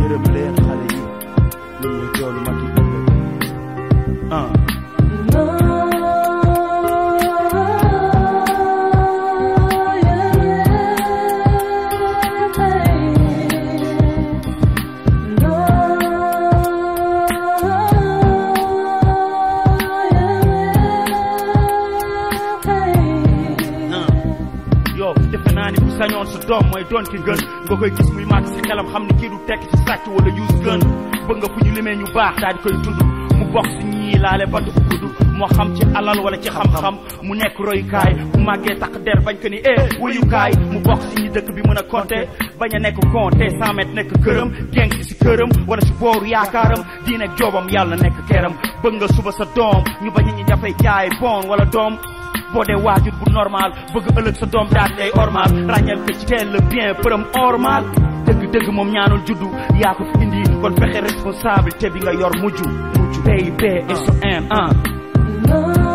yërëm leen xale yi ñu ngi joolu mag yi ah doom mooy doon ki gën nga koy gis muy màgg si xelam xam ni kii du tekk ci sàcc wala use gën bëgg nga fu ñu limee ñu baax daal di koy tudd mu bokk si ñii laale ba du gudd moo xam ci alal wala ci xam-xam mu nekk royukaay bu màggee tax der bañ ko ni e wuyukaay mu bokk si ñi dëkk bi mën a compter bañ a nekk compter cent mètres nekk këram geng si këram wala si booru yaakaaram diine joobam yàlla nekk keram bëgg nga suba sa doom ñu bañ ñi dafay boo dee waajur bu normal bëgg ëllëg sa doom daal day normal ràññal teel le përëm normal dëgg-dëgg moom ñaanul juddu yaa fi indi kon fexe responsabilité bi nga yor mujj mujj PIP SOM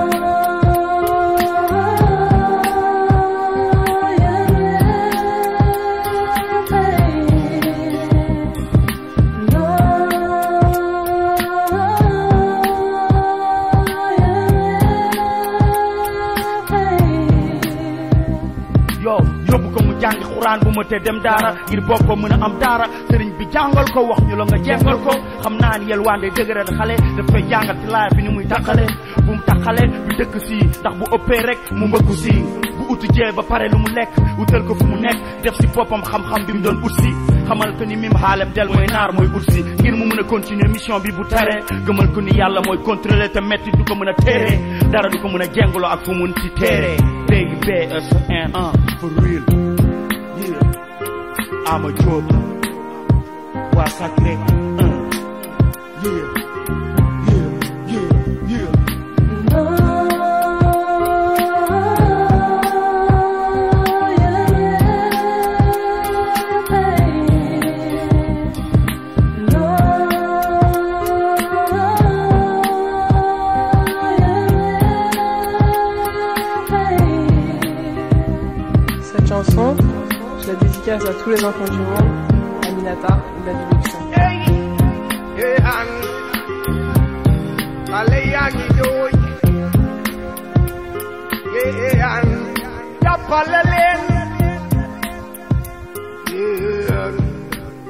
alxuraan bu ma te dem daara ngir bokk mën a am daara sëriñ bi jàngal ko wax ñu la nga jàngal ko xam naa ni yelwaande dëgëral xale daf koy jàngal ci laaya bi ni muy taxale bu mu taxale du dëkk sii ndax bu ëppee rek mu mbëkku sii bu utu jee ba pare lu mu lekk utal ko fu mu nekk def si boppam xam-xam bi mu doon ut si xamal ko ni mim xaaleb del mooy naar mooy ut si ngir mu mën a continuer mission bi bu tere gëmal ko ni yàlla mooy contrôler te métti du a téere dara du a jenguloo ak fu mun ci téere léegi ama jóob waa Sacré 1 yeah s'adresse à tous les enfants du monde, Aminata, la direction. Yeah.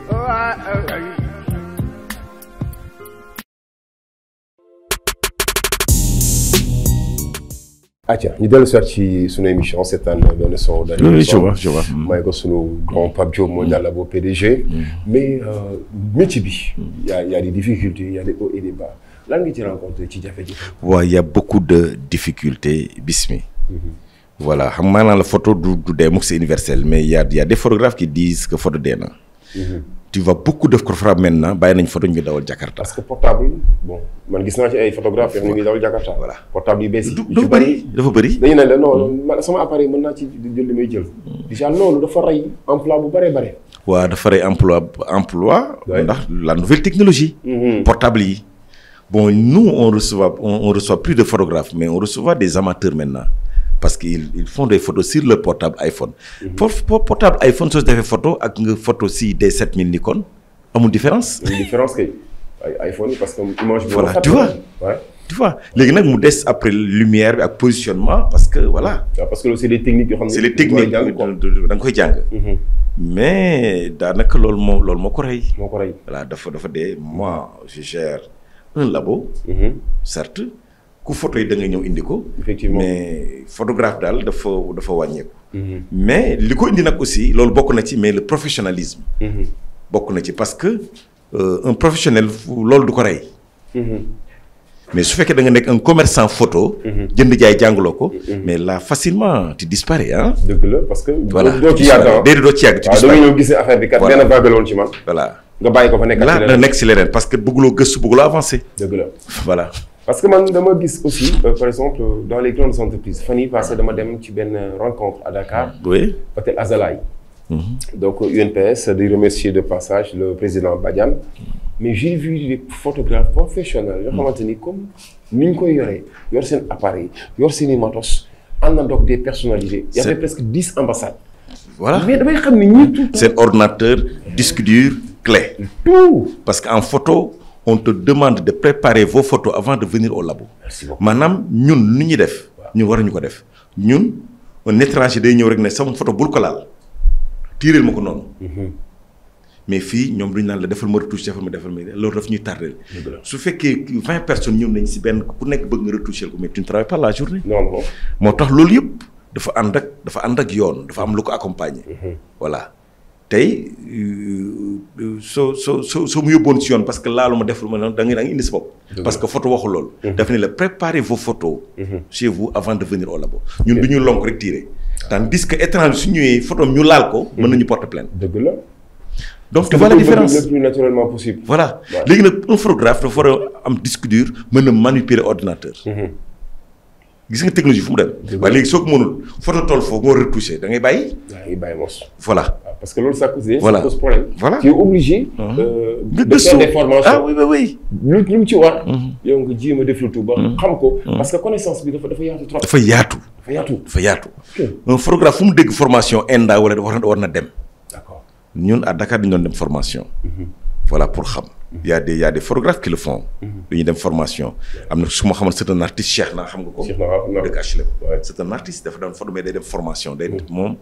Oh, acca ah, ñu dellu soit ci sunu émission seetaan benn son daal je vois je vois may ko mm-hmm. sunu grand Pape moo daal la boo PDG mm-hmm. mais euh, métier bi mm-hmm. yaa y a des difficultés y a des hauts et des bas lan nga ci jafe-jafe waaw y a beaucoup de difficultés bismi voilà xam la photo du du dee mukk c'est universel mais y a y a des photographes qui disent que photo dee na tu vois beaucoup d'œuvres Cofrab maintenant bàyyi nañ photo ñu que portable yi bon man gis naa ci ay photographes yoo xam ne ñu ngi dafa mm. naa ci jël li may jël. Mm. déjà loolu dafa rey emploi bu bëree bëri. waaw dafa rey emploi emploi. ndax la nouvelle technologie. Mm-hmm. portable yi. bon nous on reçoit on on reçoit plus de photographes mais on reçoit des amateurs maintenant. parce que ils ils font des photos sur le portable iPhone. foofu mhm. portable iPhone soo defee photo ak nga photo si des 7000 Nikon amul différence. amul différence kay ay iPhone parce que image bi. voilà léegi nag mu des après lumière bi ak positionnement parce que voilà. waaw parce que loolu c'est des techniques yoo xam koy jàng. Mhm. mais daanaka loolu moo loolu moo ko rey. moo ko rey dafa dafa dee moi je un labo. Mhm. certes. ku photo yi da nga ñëw indi ko. effectivement mais photographe daal dafa dafa wàññeeku. Mhm. mais li ko indi nag aussi loolu bokk na ci mais le professionnalisme. Mhm. bokk na ci parce que euh, professionnel loolu du ko rey. Mhm. mais su fekkee da nekk un commerçant photo. jënd jaay jàngaloo ko. mais là facilement tu disparais ah. dëgg la parce que. voilà doo ci yàgg ah. doo ci yàgg. tu ah, disparais waaw da nga bi kat benn vibe ko fa nekk. ci leneen la nekk si leneen parce que bëgguloo gëstu bëgguloo avancé. dëgg la parce que man dama gis aussi euh, par exemple euh, dans les grandes entreprises fan yii dama dem ci benn euh, rencontre à Dakar. oui hôtel Azalaï. Mm -hmm. donc euh, UNPS di remercier de passage le président Badiane. mais j'ai vu des photographes professionnels. Mhm. xamante ni comme ni ñu koy yore yor seen appareil yor seen i am na ak des personnalités. y avait presque dix ambassades. voilà mais damay xam ne ñii tout. ordinateur disque tout parce que en photo. on te demande de préparer vos photos avant de venir au maanaam ñun nu ñuy def. ñu ñun ñu ko def ñun un étranger day ñëw rek ne sama photo bul ko laal tiireel ma ko noonu. Mhm. mais fii ñoom duñ naan la defal ma retouche defal ma defal ma loolu daf ñuy tardé. su fekkee vingt personnes ñëw nañ si benn ku nekk bëgg nga retoucher ko mais tu ne travailles pas la journée. moo tax loolu yëpp dafa ànd ak dafa ànd ak yoon dafa am lu ko accompagner. Mhm. voilà. tey euh, euh, soo soo soo soo mu yóbboon ci yoon parce que laalu ma def lu ma noonu da nga indi sa bopp. parce que photo waxu loolu. Mhm. daf ne la préparez vos photos. Mhm. chez vous avant de venir au labo. ñun du ñu lonk rek tiré. tandis que étranger su ñëwee photo ñu laal ko. Mhm. mën nañu porte plainte. dëgg la. donc tu vois la différence le plus naturellement voilà léegi nag un photographe dafa war a am disque dur mën na manipuler ordinateur. gis nga technologie fu mu dem. waaye léegi soo ko mënul photo tool foo ko retouché da ngay bàyyi. voilà ah, parce que loolu ça cause voilà cause problème. Ah. Euh, ah oui oui oui. lu mu ci war. Mm-hmm. yow nga jéem a def lu tuuba. Mm-hmm. xam ko mm-hmm. parce que connaissance bi dafa dafa yaatu trop. dafa yaatu. dafa photographe fu mu dégg formation ENDA wala war na war na dem. d'accord ñun à Dakar dañu doon dem formation. voilà pour xam. y a des y a des photographes qui le mhm. dem formation. am na su ma xamoon c'est un artiste naa xam nga ko. Cheikh naa dëkk HLM. c'est un artiste dafa day dem mhm. moom.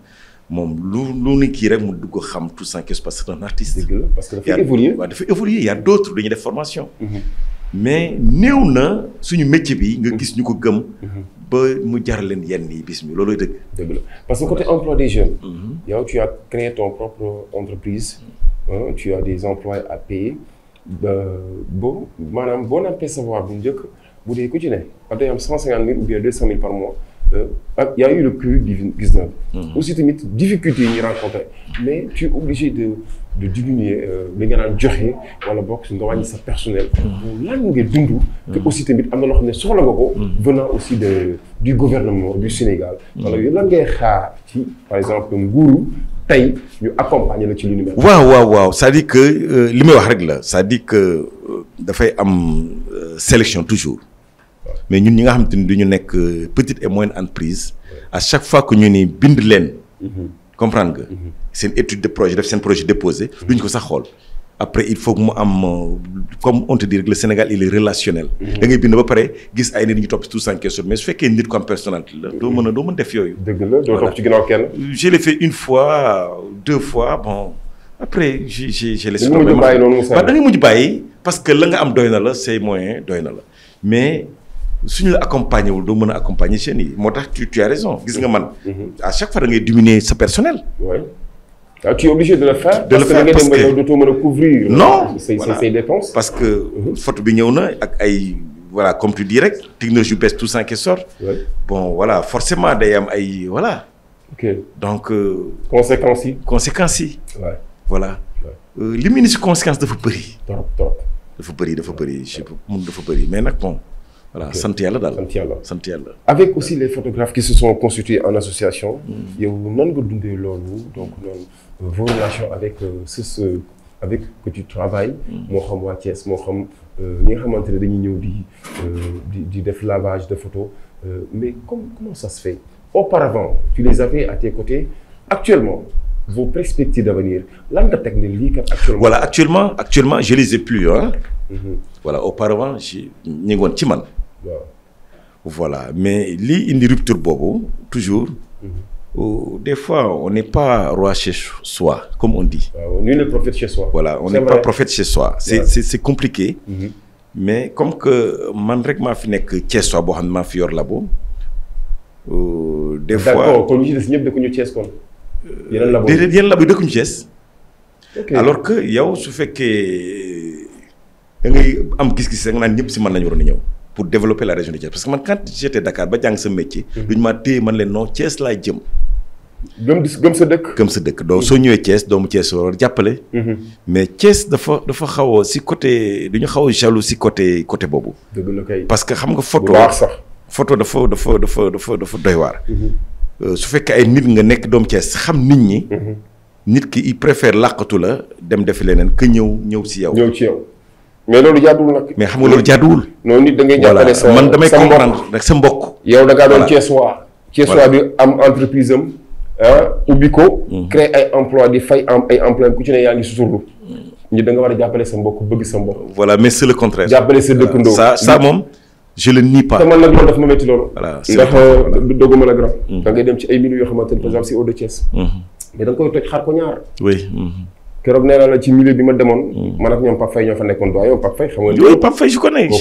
moom lu lu ni kii rek mu dugg xam tout ça qu'est-ce parce que c'est un artiste. parce que dafa évoluer waaw dafa évoluer y a d'autres dañuy def formation. Mhm. mais néew na suñu métier bi. nga gis ñu ko gëm. ba mu jar leen yenn yi bis mi loolooy dëgg. dëgg la parce que côté emploi des jeunes. yow tu as créé ton propre entreprise. Euh, boo maanaam boo naan percevoir bu njëkk bu dee ku ci ne ak am cent cinquante mille ou bien deux cent mille par mois euh, ak y a eu le Covid-19. Mhm. aussi tamit difficulté yi ñuy rencontré mais tu es obligé de de diminuer euh, li nga naan joxe wala bokk nga wàññi sa personnel. Mhm. lan nga dund. te mhm. aussi tamit am na loo xam ne soxla nga ko. venant aussi de du gouvernement du Sénégal. wala yooyu lan ngay xaar ci par exemple nguuru. tey ñu accompagner la ci lu ni mel. waaw waaw waaw cest dire que euh, li may wax rek la c'est-à-dire que euh, dafay am euh, sélection toujours mais ñun ñi nga xamante ni ñu nekk petite et moyenne entreprise à chaque fois que ñu nii bind leen. Mhm. comprendre nga. Mhm. seen étude de projet def seen projet déposé. ñu ko sax xool. après il faut mu am euh, comme on te dit rek Sénégal il est relationnel. Mhm. da ngay bind ba pare gis ay nit ñu topp tout sans question mais su fekkee nit ko am personnalité la. doo mën a doo mën def yooyu. dëgg la doo topp ci ginnaaw kenn. je l'ai fait une fois deux fois bon après j'ai j'ai j'ai laissé tomber ba da bàyyi parce que la nga am doy na la say moyens doy na la mais. suñu la accompagner wul doo mën a accompagner seen yi moo tax tu tu as raison gis nga man. Mhm. à chaque fois sa personnel. Ouais. Ah, tu es obligé de parce que da a couvrir. non say say que faute mhm. bi ñëw na ak ay voilà comme tu dis rek technologie yu tout ça qui sort. bon voilà forcément day am ay voilà. donc. Euh, conséquences yi. conséquences yi. voilà. Euh, li mu indi si conséquence dafa bëri. trop trop. dafa bëri dafa bëri mun dafa bëri mais nag bon. voilà sant yàlla daal sant yàlla avec aussi les photographes qui se sont constitués en association. Hmm. yow nan nga dundee loolu donc noonu. vos relations avec euh, ce ce avec que tu travailles. Mm. moo xam waa moo xam euh, ñi nga xamante ne dañuy ñëw di euh, di def lavage de photo mais comme comment ça se fait auparavant tu les avais à tes côtés actuellement vos perspectives d'avenir lan nga teg ne lii kat actuellement. voilà actuellement actuellement je les ai plus ah. Mm -hmm. auparavant je ñu ngi ci man. waaw voilà mais lii indi rupture boobu toujours. Mm-hmm. des fois, on n'est pas roi chez soi, comme on dit. on n'est le prophète soi. Voilà, on mhm. Mais comme que man rek maa fi nekk Thiès soi boo xam ne maa fi yor labo. des ñu ci des ñëpp dëkkuñu Thiès kon. yeneen labo yi déedéet yeneen labo yi dëkkuñu que yow su fekkee da ngay am gis-gis rek naan ñëpp si man la ñu pour développer la région de Thiès parce que man quand j'étais mhm. man leen non Thiès laa jëm. gëm di gëm sa dëkk. gëm sa dëkk donc soo ñëwee Thiès doomu Thiès war jàppale. Mm-hmm. mais Thiès dafa dafa xaw si côté du ñu xaw a si côté côté boobu. dëgg la kay parce que xam nga photo. sax photo dafa dafa dafa dafa dafa doy waar. Mm-hmm. Euh, su fekkee ay nit nga nekk doomu Thiès xam nit ñi. Mm-hmm. nit ki il préfère làqatu la dem defi leneen que ñëw ñëw si yow. ñëw si yow mais loolu jaaduwul nag. mais xam nga loolu jaaduwul. da ngay jàppale sa man damay comprendre rek sa mbokk. yow da doon Thiès waa. Thiès waa bi am entreprise Euh, ubbi ko. Mhm. créer ay emploi di fay am ay emploi ku ci ne yaa ngi suturlu. ñu da nga war a jàppale sa mbokk bëgg sa mbokk. voilà mais c'est le contraire. jàppale sa dëkkandoo ça ça moom. je le pas. te man nag man dafa ma métti loolu. voilà euh, dogguma la grand. Mhm. da dem ci ay milieux yoo xamante ne Eau de Thiès. Mhm. mais da koy toj xar ko ñaar. oui. keroog nee naa la ci milieu bi ma demoon. Hmm. man ak ñoom Pape Faye ñoo fa nekkoon doyen Pape Faye yooyu Pape Faye je connais.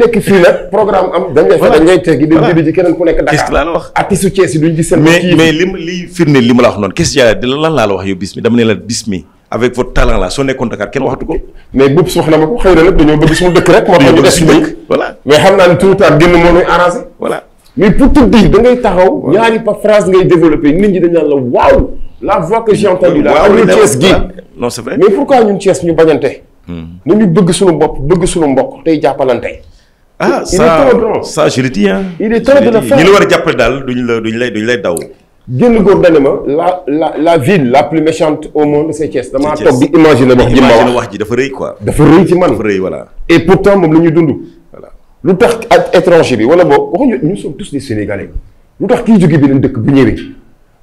nekk fii nag programme fay dañ lay nekk Dakar. qu'est-ce su Thiès yi duñ gis seen. mais mais li li firnde li ma la wax noonu qu'est-ce que lan laa la wax yow bis dama ne la bis avec votre talent là soo nekkoon Dakar kenn waxatu ko. mais bëpp soxla ma ko xëy na nag dañoo bëgg suñu dëkk rek. moo tax ñu def nii xam naa ne tout le génn moo ñuy arrangé. voilà mais pour te dire da ngay taxaw. ñaari pa phrase ngay développé nit ñi dañ naan la waaw. la voix que j'ai entendue là. waaw la Thiès gi non hmm. bëgg su bopp bëgg suñu mbokk tey jàppalante. ah ça ça je le dis hein. il est temps de le ñu la war a jàppale daal duñ la duñ lay daw. génn góor dani ma la la la ville la plus méchante au monde c'est Thiès damaa toog di imaginer wax ji ma wax ji dafa rëy quoi dafa rëy ci man dafa rëy voilà et pourtant moom la ñuy dund lu tax ak étranger bi wala boo waxuñu ñu sommes tous des Sénégalais lu tax kii jóge beneen dëkk bu ñëwee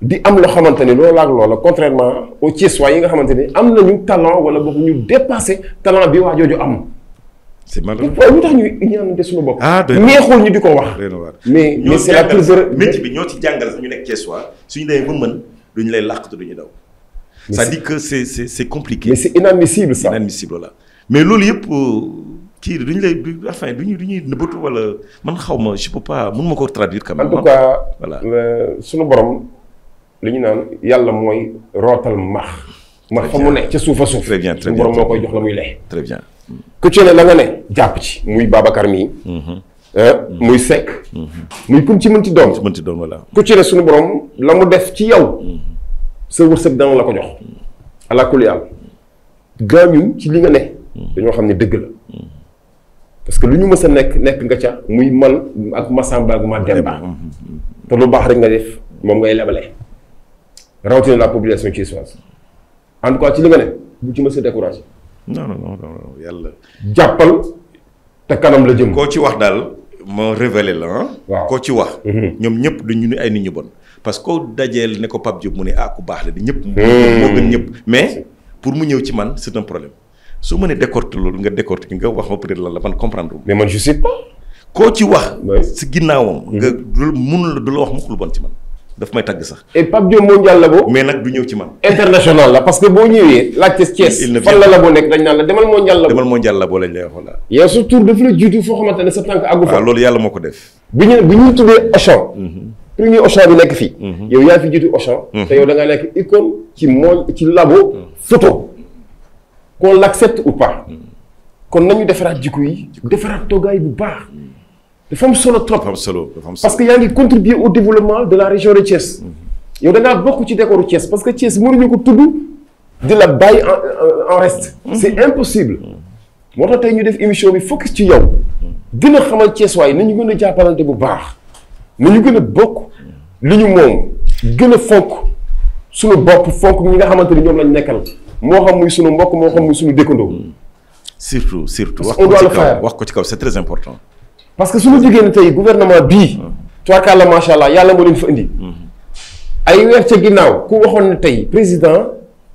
di am loo xamante ni loolu ak loola contrairement au Thiessois yi nga xamante ni am nañu talent wala boobu ñu dépassé talent bi waa jooju am c'est malheureux ñu tax ñu ñaanante suñu ah, ñu di ko wax. mais mais bi ñoo ci jàngal sax ñu nekk Thiès waa suñu demee ba mën duñu lay làqatu duñu daw. c'est-à-dire que c'est c'est c'est compliqué. mais c'est inadmissible mais loolu yëpp euh, kii duñu lay du enfin duñu duñuy nëbbatu wala man xaw ma je peux pas mën ma ko traduire quand même. en tout cas euh, borom li ñu naan yàlla mooy rootal max. max fa mu ne ca suufa suuf. a bien très bien borom jox la bien. ku la nga ne jàpp ci muy Babacar mii. Mhm. Euh, muy Seck. Mhm. muy ku ci mënti doon. mënti doon voilà. ku ci ne suñu borom la mu def ci yow. Mhm. sa wërsëg dana la ko jox. ala kulli àll gaañun ci li nga ne. dañoo xam ne dëgg la. parce que lu ñu mës a nekk nekk nga ca muy man ak Massamba ak Mademba te lu baax rek nga def moom ngay lebale rawatina la population ci en tout cas ci li nga ne bu ci mës a non non non non yàlla. jàppal te kanam la jëm. koo ci wax daal ma révélé la ah. koo ci wax. Mm-hmm. ñoom ñëpp du ñu ni ay nit ñu bon. parce que koo dajeel ne ko Pape Diop mu ne ah ku baax la di ñëpp. Mm-hmm. moo gën ñëpp mais pour mu ñëw ci man c'est un problème su ma ne décorté loolu nga décorté nga wax ma peut-être la man comprendre mais man je sais pas. koo ci wax. si ginnaawam. Mm-hmm. nga du munul du la wax mukk lu bon ci man. daf may tàgg sax. et Pape Diop mondial la boo. mais nag du ñëw ci man. international la parce que boo ñëwee. laajte Thiès fan la la boo nekk dañ naan la demal mondial la boo. demal lañ lay wax voilà. yow sa tour la jiitu foo xamante ne sa tànk àggu fa. waaw ah, loolu yàlla moo ko def. bi ñu bi ñuy tuddee Auchan. Mhm. premier Auchan bi nekk fii. Mhm. yow yaa fi jiitu Auchan. Mhm. te yow da nga nekk icône ci mon ci labo. photo qu'on l'accepte ou pas. kon nañu defaraat jikko yi defaraat toggaay bu baax. dafa am solo trop. am solo parce que yaa ngi contribuer au développement de la région de Thiès. yow da ngaa bokk ci décoru Thiès parce que Thiès mënuñu ko tudd di la bàyyi en reste. c'est impossible. moo tax tey ñu def émission bi focus ci yow. gën a xamal Thiès waaye ñu gën a jàppalante bu baax. nañu gën a bokk. li ñu moom gën a fonk suñu bopp fonk ñi nga xamante ni ñoom lañ nekkal moo xam muy suñu mbokk moo xam muy suñu dëkkandoo. surtout surtout. wax ko ci kaw wax ko ci kaw c'est important. parce que su ma jógee ne tey gouvernement bii. tubarkalla macha allah yàlla moo leen fa indi. ay weer ca ginnaaw ku waxoon ne tey président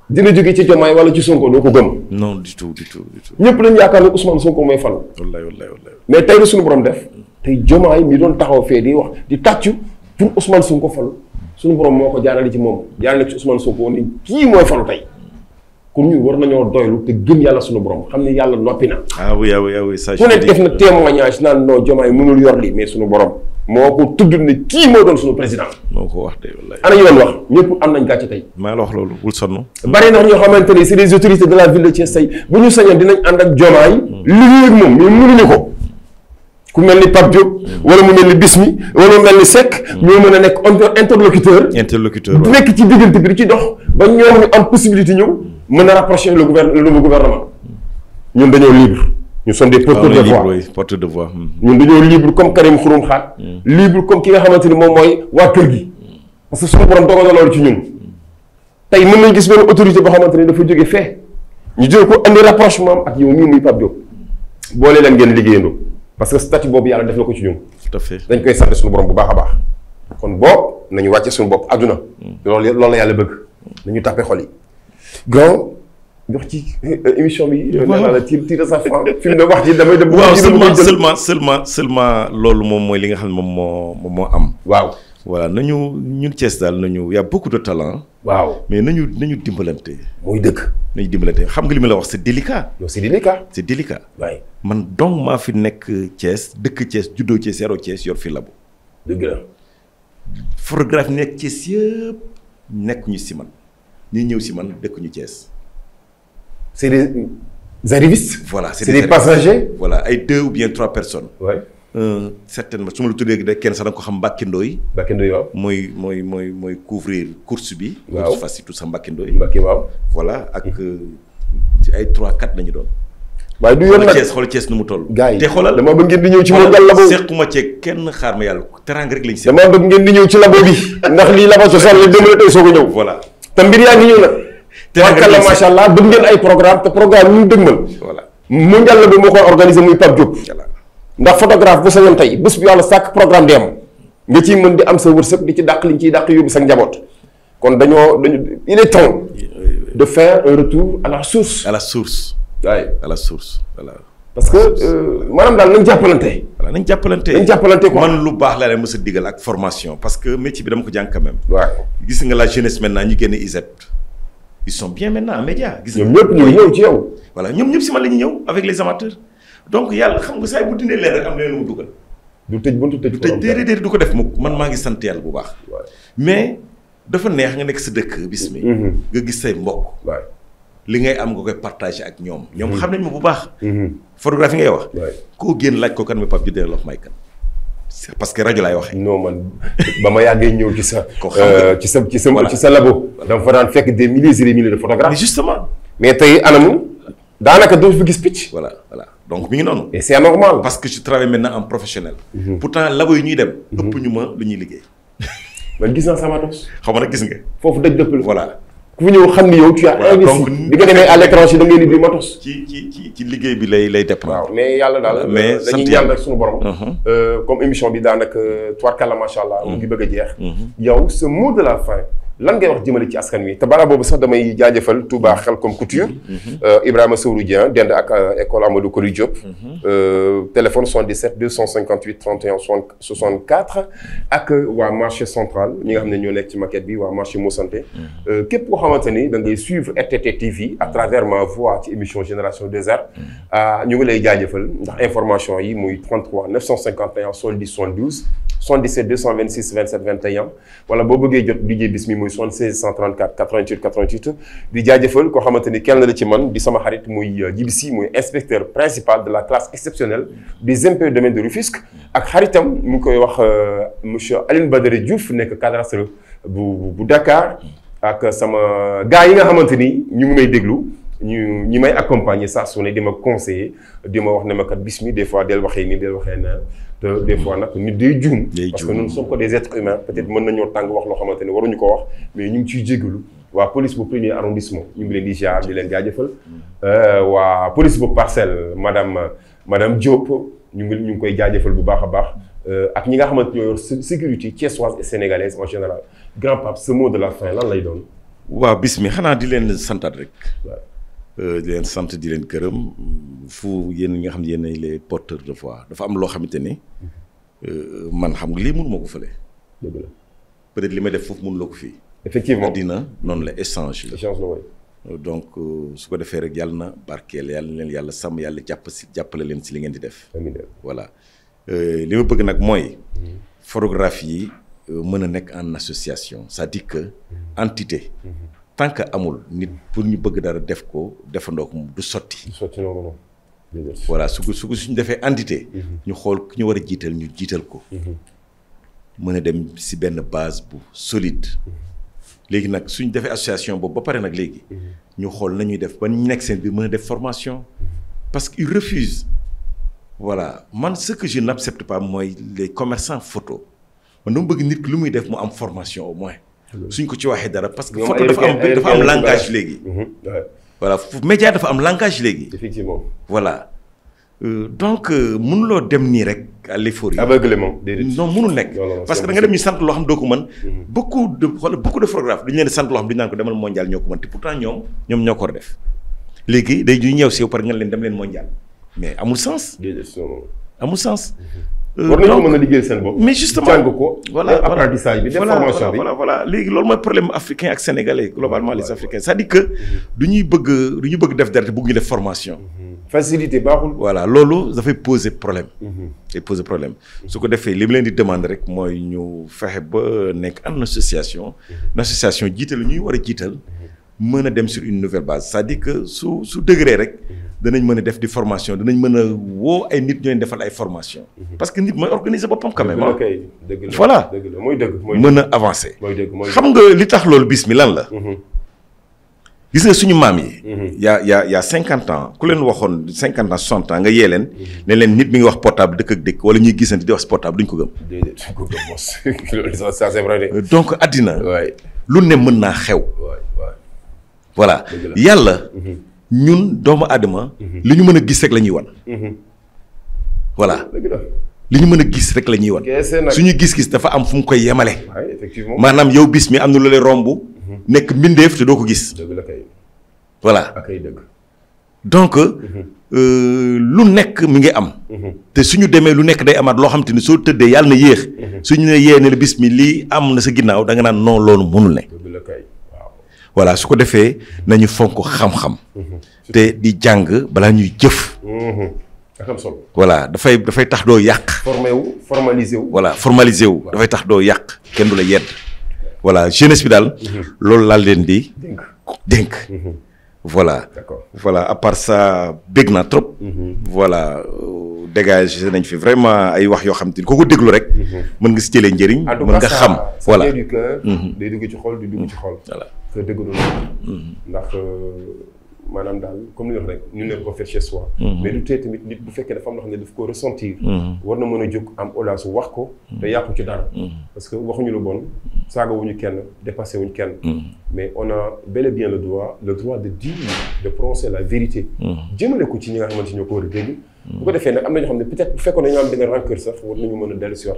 dina jóge ci Diomaye wala ci Sonko doo ko gëm. non di tout du tout du tout. ñëpp lañu yaakaar ne Ousmane Sonko mooy fal. wallaay wallaay wallaay. mais tey la suñu borom def. tey Diomaye mi doon taxaw fee di wax di tàccu pour Ousmane ko fal suñu borom moo ko jaarale ci moom jaarale ci Ousmane Sonko ni kii mooy falu tey. kon ñun war nañoo doylu te gëm yàlla suñu borom xam ne yàlla noppi na. ah oui ah oui ah oui ça ku nekk def na témoignage naan non Diomaye mënul yor lii mais suñu borom moo ko tudd ne kii moo doon suñu président. moo ko wax de wallaay. ana ñu wax ñëpp am nañ gàcce tey. maa la wax loolu bul sonn. bari na ñoo xamante ni c'est des autorités de la ville de bu ñu sañoon dinañ ànd ak Diomaye. liggéey ak moom mais mënuñu ko. ku mel ni Pape Diop wala mu mel ni Bismi wala mu mel ni Seck. ñoo mën a nekk interlocuteur. interlocuteur nekk ci diggante bi di ci dox ba ñoom ñu mën a rapprocher le gouver le nouveau gouvernement ñun dañoo libre ñu sommes des porteurs de voix porteurs de voix hmm. ñun dañoo libre comme Karim Xurum Xaat hmm. libre comme ki nga xamante ni moom mooy waa kër gi hmm. parce que suñu borom dogal na loolu ci ñun tey mën nañ gis benn autorité boo xamante ni dafa jóge fee ñu jël ko andi rapprochement ak yow mii muy Pape Diop boole leen ngeen liggéeyandoo parce que statut boobu yàlla def na ko ci ñun tout dañ koy sant suñu borom bu baax a baax kon boobu nañu wàcce suñu bopp àdduna loolu loolu la yàlla bëgg xol yi grand jox ci euh, bi. waaw la tiir tiir wax ci damay dem. waaw seulement seulement seulement seulement loolu moom mooy li nga xam ne moom moo moom moo am. waaw voilà nañu ñun Thiès daal nañu y a beaucoup talent. waaw mais nañu nañu dimbalante. mooy dëkk. nañu dimbalante xam nga li la wax c'est délicat. non c'est délicat. c'est délicat. waay man donc maa fi nekk Thiès dëkk Thiès juddoo Thiès yaroo Thiès yor fi labo. dëgg la. photographe nekk Thiès nekk ñu si man. ñuy ñëw si man dëkk ñu Thiès. c' est des arrivistes. voilà c' est des voilà ay deux ou bien trois personnes. waay euh, certainement su ma la tuddee rek kenn sax da nga ko xam mbàkkindooy. mbàkkindooy waaw. mooy mooy mooy mooy couvrir course bi. waaw course fas yi tout ça mbàkkindooy. mbàkki waaw voilà ak ci mm-hmm. euh, ay trois quatre la ñu nu mu toll. gars yi te xoolal dama bëgg ngeen di ñëw ci moom dal labo. sequma ci kenn xaar ma yàlla di ñëw ci bi. ndax lii labo social la dem la tey soo ko ñëw voilà. te mbir yaa ngi ñëw nag. te macha allah bëgg ngeen ay programme te programme ñu dëgmal. voilà mondial la bi moo koy organisé muy Pape Diop. ndax photographe bu sañoon tey bés bu yàlla sàkk programme di am nga ciy mën di am sa wërsëg di ci dàq li ñu ciy dàq yóbbu sa njaboot kon dañoo dañu il de faire un retour à la source. à la waaye à la source parce que euh, maanaam daal nañ jàppalante. voilà nañ jàppalante nañ jàppalante quoi man lu baax laa leen mës a digal ak formation parce que métier bi dama ko jàng quand même. waaw gis nga la jeunesse maintenant ñu génne ISEP. ils sont bien maintenant média. gis nga ñoom ñëpp ñu ñëw ci yow. ñëpp si man la ñëw avec les amateurs donc yàlla xam nga saa bu dindee leen rek am na mu dugal. du tëj buntu tëj. forom déedéet déedéet du ko def mukk man maa ngi sant yàlla bu baax. mais dafa neex nga nekk sa dëkk bis mi. Mm-hmm. nga gis say mbokk. li ngay am nga koy partagé ak ñoom. ñoom mhm. xam nañ ma bu baax. Mhm. photographie ngay wax. koo génn laaj ko kan mi Pape Djibril Lô may kan. c'est parce que rajo laay waxee. non man ba ma yàggee ñëw ci sa. Euh, ci sa ci sa ci fekk de photographes. mais justement. mais tey anamu. daanaka doo fi gis picc. voilà voilà donc mi ngi noonu. et c'est anormal. parce que je travaille maintenant en professionnel. Mhm. pourtant labo yi ñuy dem. ëpp ñu ma lu ñuy liggéey. man gis naa sama tos. xam nga nag gis nga. foofu dëgg dëpp voilà. ku fi ñëw xam ni yow. tu as investi bi demee à l'étranger da ngay ni di matos. ci ci ci liggéey bi lay lay dépendre. waaw mais yàlla daal. Euh, mais sant dañuy ñaan rek suñu borom. Uh-huh. Euh, comme émission bi daanaka euh, tubarkalla macha allah. mu ngi uh-huh. bëgg a jeex. Uh-huh. yow sa mot de la fin. lan ngay wax jëmale ci askan wi te balaa boobu sax damay jaajëfal Touba Xelcom Couture. Mm-hmm. Mm-hmm. Euh, Ibrahima Sourou dend ak euh, école Amadou Coly Diop. Mm-hmm. Euh, téléphone 77 258 31 64. ak waa marché central ñi nga xam ne ñoo nekk ci maquette bi waa marché Mosanté. képp koo xamante ni da ngay suivre RTT TV à travers ma voix ci émission Génération des Arts. Ah, ñu ngi lay jaajëfal ndax information yi muy 33 951 70 boo bëggee jot DJ Bismi muy 76 134 88 88 di jaajëfal koo xamante ni kenn la ci man di sama xarit muy euh, Djibi Sy muy inspecteur principal de la classe exceptionnelle des impôts domaine de Rufisque ak xaritam mu ngi koy wax euh, monsieur Alioune Badara Diouf nekk cadastre bu bu Dakar ak sama gars yi nga xamante ni ñu ngi may déglu. ñu ñi may accompagner saa su ne di ma conseiller di ma wax ne ma kat bis mi des fois del waxee nii del waxee na te des fois nag nit day juum. parce que nous sommes que des êtres humains peut-être mën nañoo tàng wax loo xamante waruñu ko wax mais ñu ngi ciy jégalu. waa police bu premier arrondissement ñu ngi leen di jaar di leen jaajëfal. Euh, waa police bu parcelle madame madame Diop ñu ngi ñu ngi koy jaajëfal bu baax a baax. Euh, ak ñi nga xamante ñoo yor sécurité thiessoise et sénégalaise en général grand pape ce mot la fin lan lay doon. waaw xanaa di leen santaat rek. Euh, di leen sant di leen këram fu yéen ñi nga xam ne yéen les porteur de voix dafa am loo xamante ni euh, man xam nga lii mënuma ko fële. peut être li ma def foofu mënuloo ko fii. effectivement dina noonu la échange la. échange la waay. Euh, donc su ko defee rek yàlla na barkeel yàlla leen yàlla sàmm yàlla jàpp si jàppale leen si li ngeen di def. voilà li ma bëgg nag mooy. Mm-hmm. photographe yi mën a nekk en association cest di dire que mm-hmm. entité. Mm-hmm. tant que amul nit pour ñu bëgg dara def ko defandoo ko du sotti. sotti voilà su su ko suñu defee entité. Mhm. ñu xool ku ñu war a jiital ñu jiital ko. Mhm. mën a dem si benn base bu solide. Mhm. léegi nag suñu defee association boobu ba pare nag léegi. ñu xool nañuy def ba ñu nekk seen bi mën a def formation. parce que il refuse. voilà man ce que je n'accepte pas mooy les commerçants photo man dama bëgg nit ki lu muy def mu am formation au moins. suñ ko ci waxee dara parce que photo dafa am dafa am langage léegi. voilà média dafa am langage léegi. effectivement voilà. Euh, donc euh, mënuloo dem nii rek à l'euphorie. aveuglément déedéet non mënul nekk. parce que da dem ñu sant loo xam doo ko mën. Mm-hmm. beaucoup de xool beaucoup de photographes dañu leen sant loo xam dañu naan ko demal mondial ñoo ko mën te pourtant ñoom ñoom ñoo ko war def. léegi day ñuy ñëw si yow pare nga leen dem leen mondial mais amul sens. amul sens. Mm-hmm. Euh, war nañu a liggéeyal seen bopp. mais justement jàng ko. voilà apprentissage léegi loolu mooy problème africain ak sénégalais globalement les africains cest à que du ñuy bëgg du ñu bëgg def dara te bëgg ñu def formation. Mm-hmm. facilité baaxul. voilà loolu dafay poser problème. Mm-hmm. day poser problème su ko defee li mu leen di demande rek mooy ñu fexe ba nekk am association. Mm-hmm. une association jiital ñuy war a jiital. mën a dem sur une nouvelle base cest di dire que su su degré rek. danañ mën a def di formation danañ mën a woo ay nit ñooy defal ay formation mhm. parce que nit mooy organiser boppam quand même ah. voilà mën a avancer xam nga li tax loolu bis mi la mhm. gis nga suñu maam yi mhm. yaa yaa yaa cinquante ans ku leen waxoon cinquante ans soixante ans nga yee leen ne leen nit mi ngi wax portable dëkk ak dëkk wala ñuy gisante di wax portable duñ ko gëm donc àddina lu ne mën naa xew voilà yàlla ñun doomu aadama. Mhm. li ñu mën a gis rek la ñuy wan. Mhm. voilà li ñu mën a gis rek la ñuy wan. suñu gis-gis dafa am fu mu koy yemale. maanaam yow bis mi am na lu lay romb. Mhm. nekk mbindeef te doo ko gis. voilà ah, donc. Euh, euh, lu nekk mi ngi am. te su ñu demee lu nekk day amaat loo xam te ni soo tëddee yàlla na yéex. ñu ne yee ne la bis mi am na sa ginnaaw da nga naan non loolu mënul ne. voilà su ko defee nañu fonk xam-xam. Mm-hmm. te di jàng balaa ñuy jëf. Mm-hmm. dafa dafay dafay tax doo yàq. formé wu wu. voilà formalisé wu dafay tax doo yàq kenn du la yedd. voilà jeunesse bi daal. Mm-hmm. loolu laa leen di. dénk voilà. voilà à part ça bég na trop. voilà euh, dégage nañ fi vraiment ay wax yoo xam te ni ko déglu rek. mën nga si jëlee njëriñ. mën nga xam voilà. du ci xol que dëgg ndax euh, maanaam daal comme li wax rek ñu leen ko faire chez soi. Mm-hmm. mais du tee tamit nit bu fekkee dafa am loo xam ne daf ko ressentir. Mm-hmm. war na mën a jóg am audace wax ko. te mm-hmm. yàqu ci dara. parce que waxuñu lu bon wuñu kenn dépassé wuñ kenn. mais on a bel et bien le droit le droit de dire de prononcer la vérité. jëmale ko ci ñi nga ñoo ko war a dégg. bu ko defee nag am na ñoo xam ne peut-être bu fekkoon dañoo am benn rancœur sax war nañu mën a dellu l'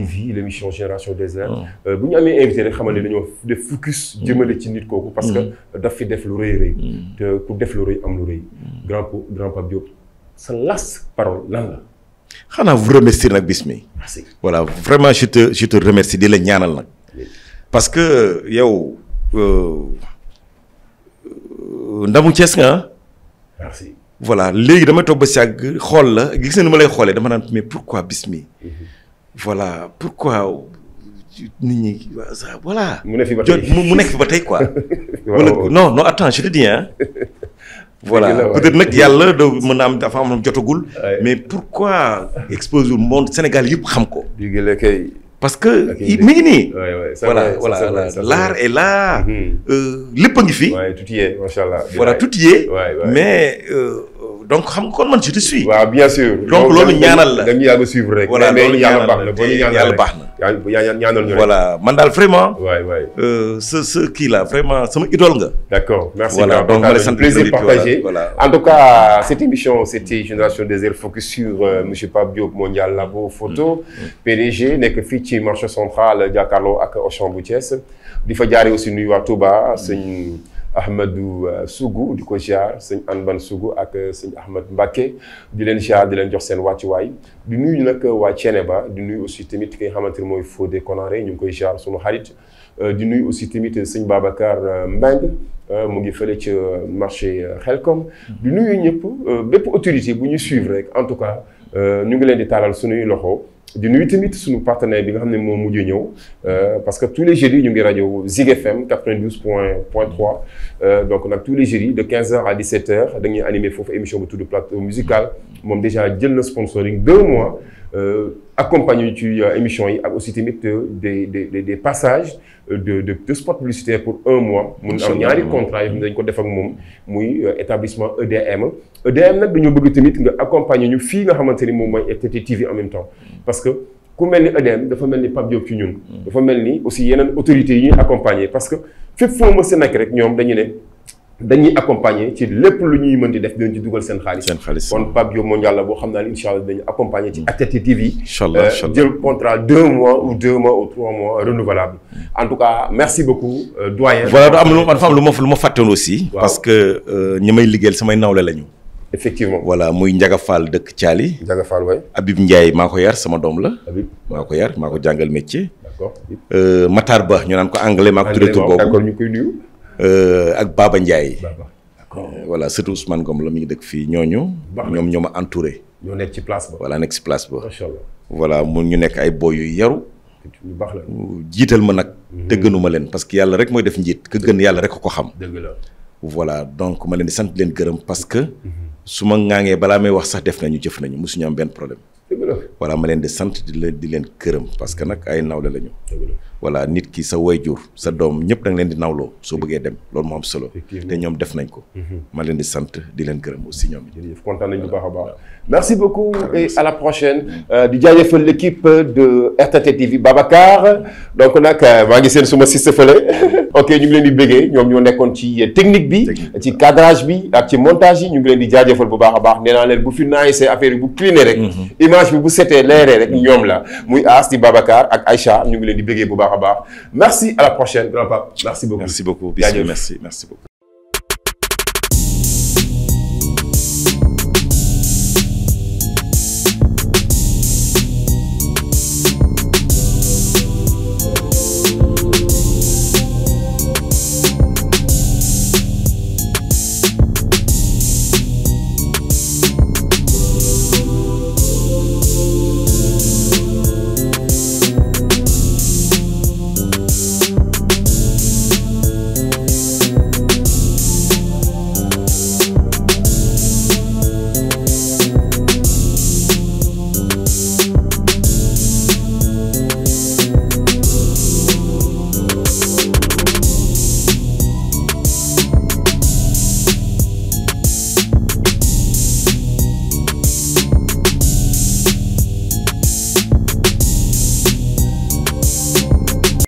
mm. mm. ah, émission Génération Désert. Mm. Euh, bu ñu amee invité rek xamal ne dañoo def focus. jëmale ci nit kooku parce que daf def lu rëy rëy. te ku def lu rëy am lu rëy. grand po grand sa las parole lan la. xanaa vous remercier nag bis mi. voilà vraiment je remercie di la ñaanal nag. parce que yow euh, euh, ndamu Cees nga merci voilà léegi damay toog ba si àgg xool la gis nga ni ma lay xoolee dama naan mais pourquoi Bismi mm-hmm. voilà pour pourquoi nit ñi voilà. mu ne fi ba tey mu nekk fi ba tey quoi. non non attends je te dis voilà peut nag yàlla doo mën na am dafa jotagul. mais pour quoi le monde Sénégal yëpp xam ko. parce que mi ngi nii. voilà voilà l'art est là. Mhm. Euh, lépp a ngi fi. tout y est macha allah. voilà tout y est mais. Euh, donc xam nga kon man je te suis. donc loolu ñaanal la dañu yàgg suivre rek. voilà loolu ñaanal boo ñu ñaanal rek. voilà man daal vraiment. waay waay. Euh, kii la vraiment sama idole nga. d' accord merci voilà donc ma lay sant plaisir partagé en tout cas cette émission c' était Génération Désert focus sur euh, monsieur Pape Diop Photo. Mm, mm. PDG nekk fii ci marché central jàkkaarloo ak Auchan bu Thiès di fa jaaree aussi nuyu waa Touba sëñ. Ahmadou euh, Sougou di ko ziar sëñ Anban Sougou ak euh, sëñ Ahmad Mbacké di leen ziar di leen jox seen wàccuwaay di nuy nag euh, waa Thiénaba di nuy aussi tamit ki nga xamante ne mooy Fodé Konaré ñu ngi koy ziar sunu xarit di nuy aussi tamit sëñ Babacar Mbengue mu ngi fële ci marché xel Xelkom di nuyu ñëpp bépp autorité bu ñu suivre rek en tout cas ñu ngi leen di taalal sunuy loxo. di nu tamit suñu partenaire bi nga xam ne moo mujj ñëw euh, parce que tous les jeudis ñu ngi rajo Zig FM 92 point point 3 euh, donc nag tous les jeudis de 15h à 17h dañuy animé foofu émission bu tudd plateau musical moom déjà jël na sponsoring 2 mois. Euh, accompagné yu ci euh, émission yi ak aussi tamit euh, de des des passages de de de spot publicitaire pour un mois. mun am ñaari contrat yi dañ ko def ak moom. muy établissement EDM. EDM nag dañoo bëgg tamit nga accompagner ñu fii nga xamante ni moom mooy RTT e TV en même parce que. ku mel ni EDM dafa mel ni Pape Diop ci ñun. Mm. dafa mel ni aussi yeneen autorités yi ñuy accompagner parce que fépp foo ma nekk rek ñoom dañu ne. dañuy accompagner ci lépp lu ñuy mën di def dinañ ci dugal seen xaalis. seen xaalis kon Pape Diop mondial la boo xam naa ne incha allah dañu accompagner ci ATT TV. incha allah jël contrat mm. merci beaucoup euh, doyen. voilà am lu dafa am lu ma lu ma fàttewoon aussi. parce que euh, ñi may liggéeyal samay nawle lañu. effectivement voilà muy Ndiaga Fall dëkk Thiali. Ndiaga Fall waay. Habib Ndiaye maa ko yar sama doom la. Habib maa ko yar maa ko jàngal métier. d'accord euh, Matar Ba ñu naan ko anglais maa ko tuddee tur boobu. d'accord ñu Euh, ak Baba Ndiaye. Euh, voilà surtout Ousmane Ngom la mi ngi dëkk fii ñooñu. ñoom ñoo ma entouré. ñoo nekk ci place ba. voilà nekk ci place ba. mu ñu nekk ay boy yu yaru. lu baax la jiital ma nag. Mhm. te gënuma leen parce que yàlla rek mooy def njiit. ka gën yàlla rek ko xam. dëgg la voilà donc ma leen sant leen gërëm parce que. Mhm. su ma ŋaangee balaa may wax sax def nañu jëf nañu mosuñu am benn problème. wala ma leen di sant di leen di leen këram parce que nag ay nawle la ñu nit ki sa wayjur sa doom ñëpp da nga leen di nawloo soo bëggee dem loolu moo am solo te ñoom def nañ ko mhm. ma leen di sant di leen gërëm aussi ñoom it kontaan nañ bu baax a baax merci euh, de RTT TV Babacar donc nag euh, maa ngi seen suma siste fële ok ñu ngi leen di bëggee ñoom ñoo nekkoon ci euh, technique bi ci cadrage bi ak ci montage yi ñu ngi leen di jaajëfal bu baax a baax nee naa leen bu fi naayisee affaire yi bu cliné rek mm-hmm. image bi bu setee leeree rek ñoom la muy As di Babacar ak Aïcha ñu ngi leen di bëggee bu baax a baax merci à la prochaine grand pape merci beaucoup merci beaucoup merci merci beaucoup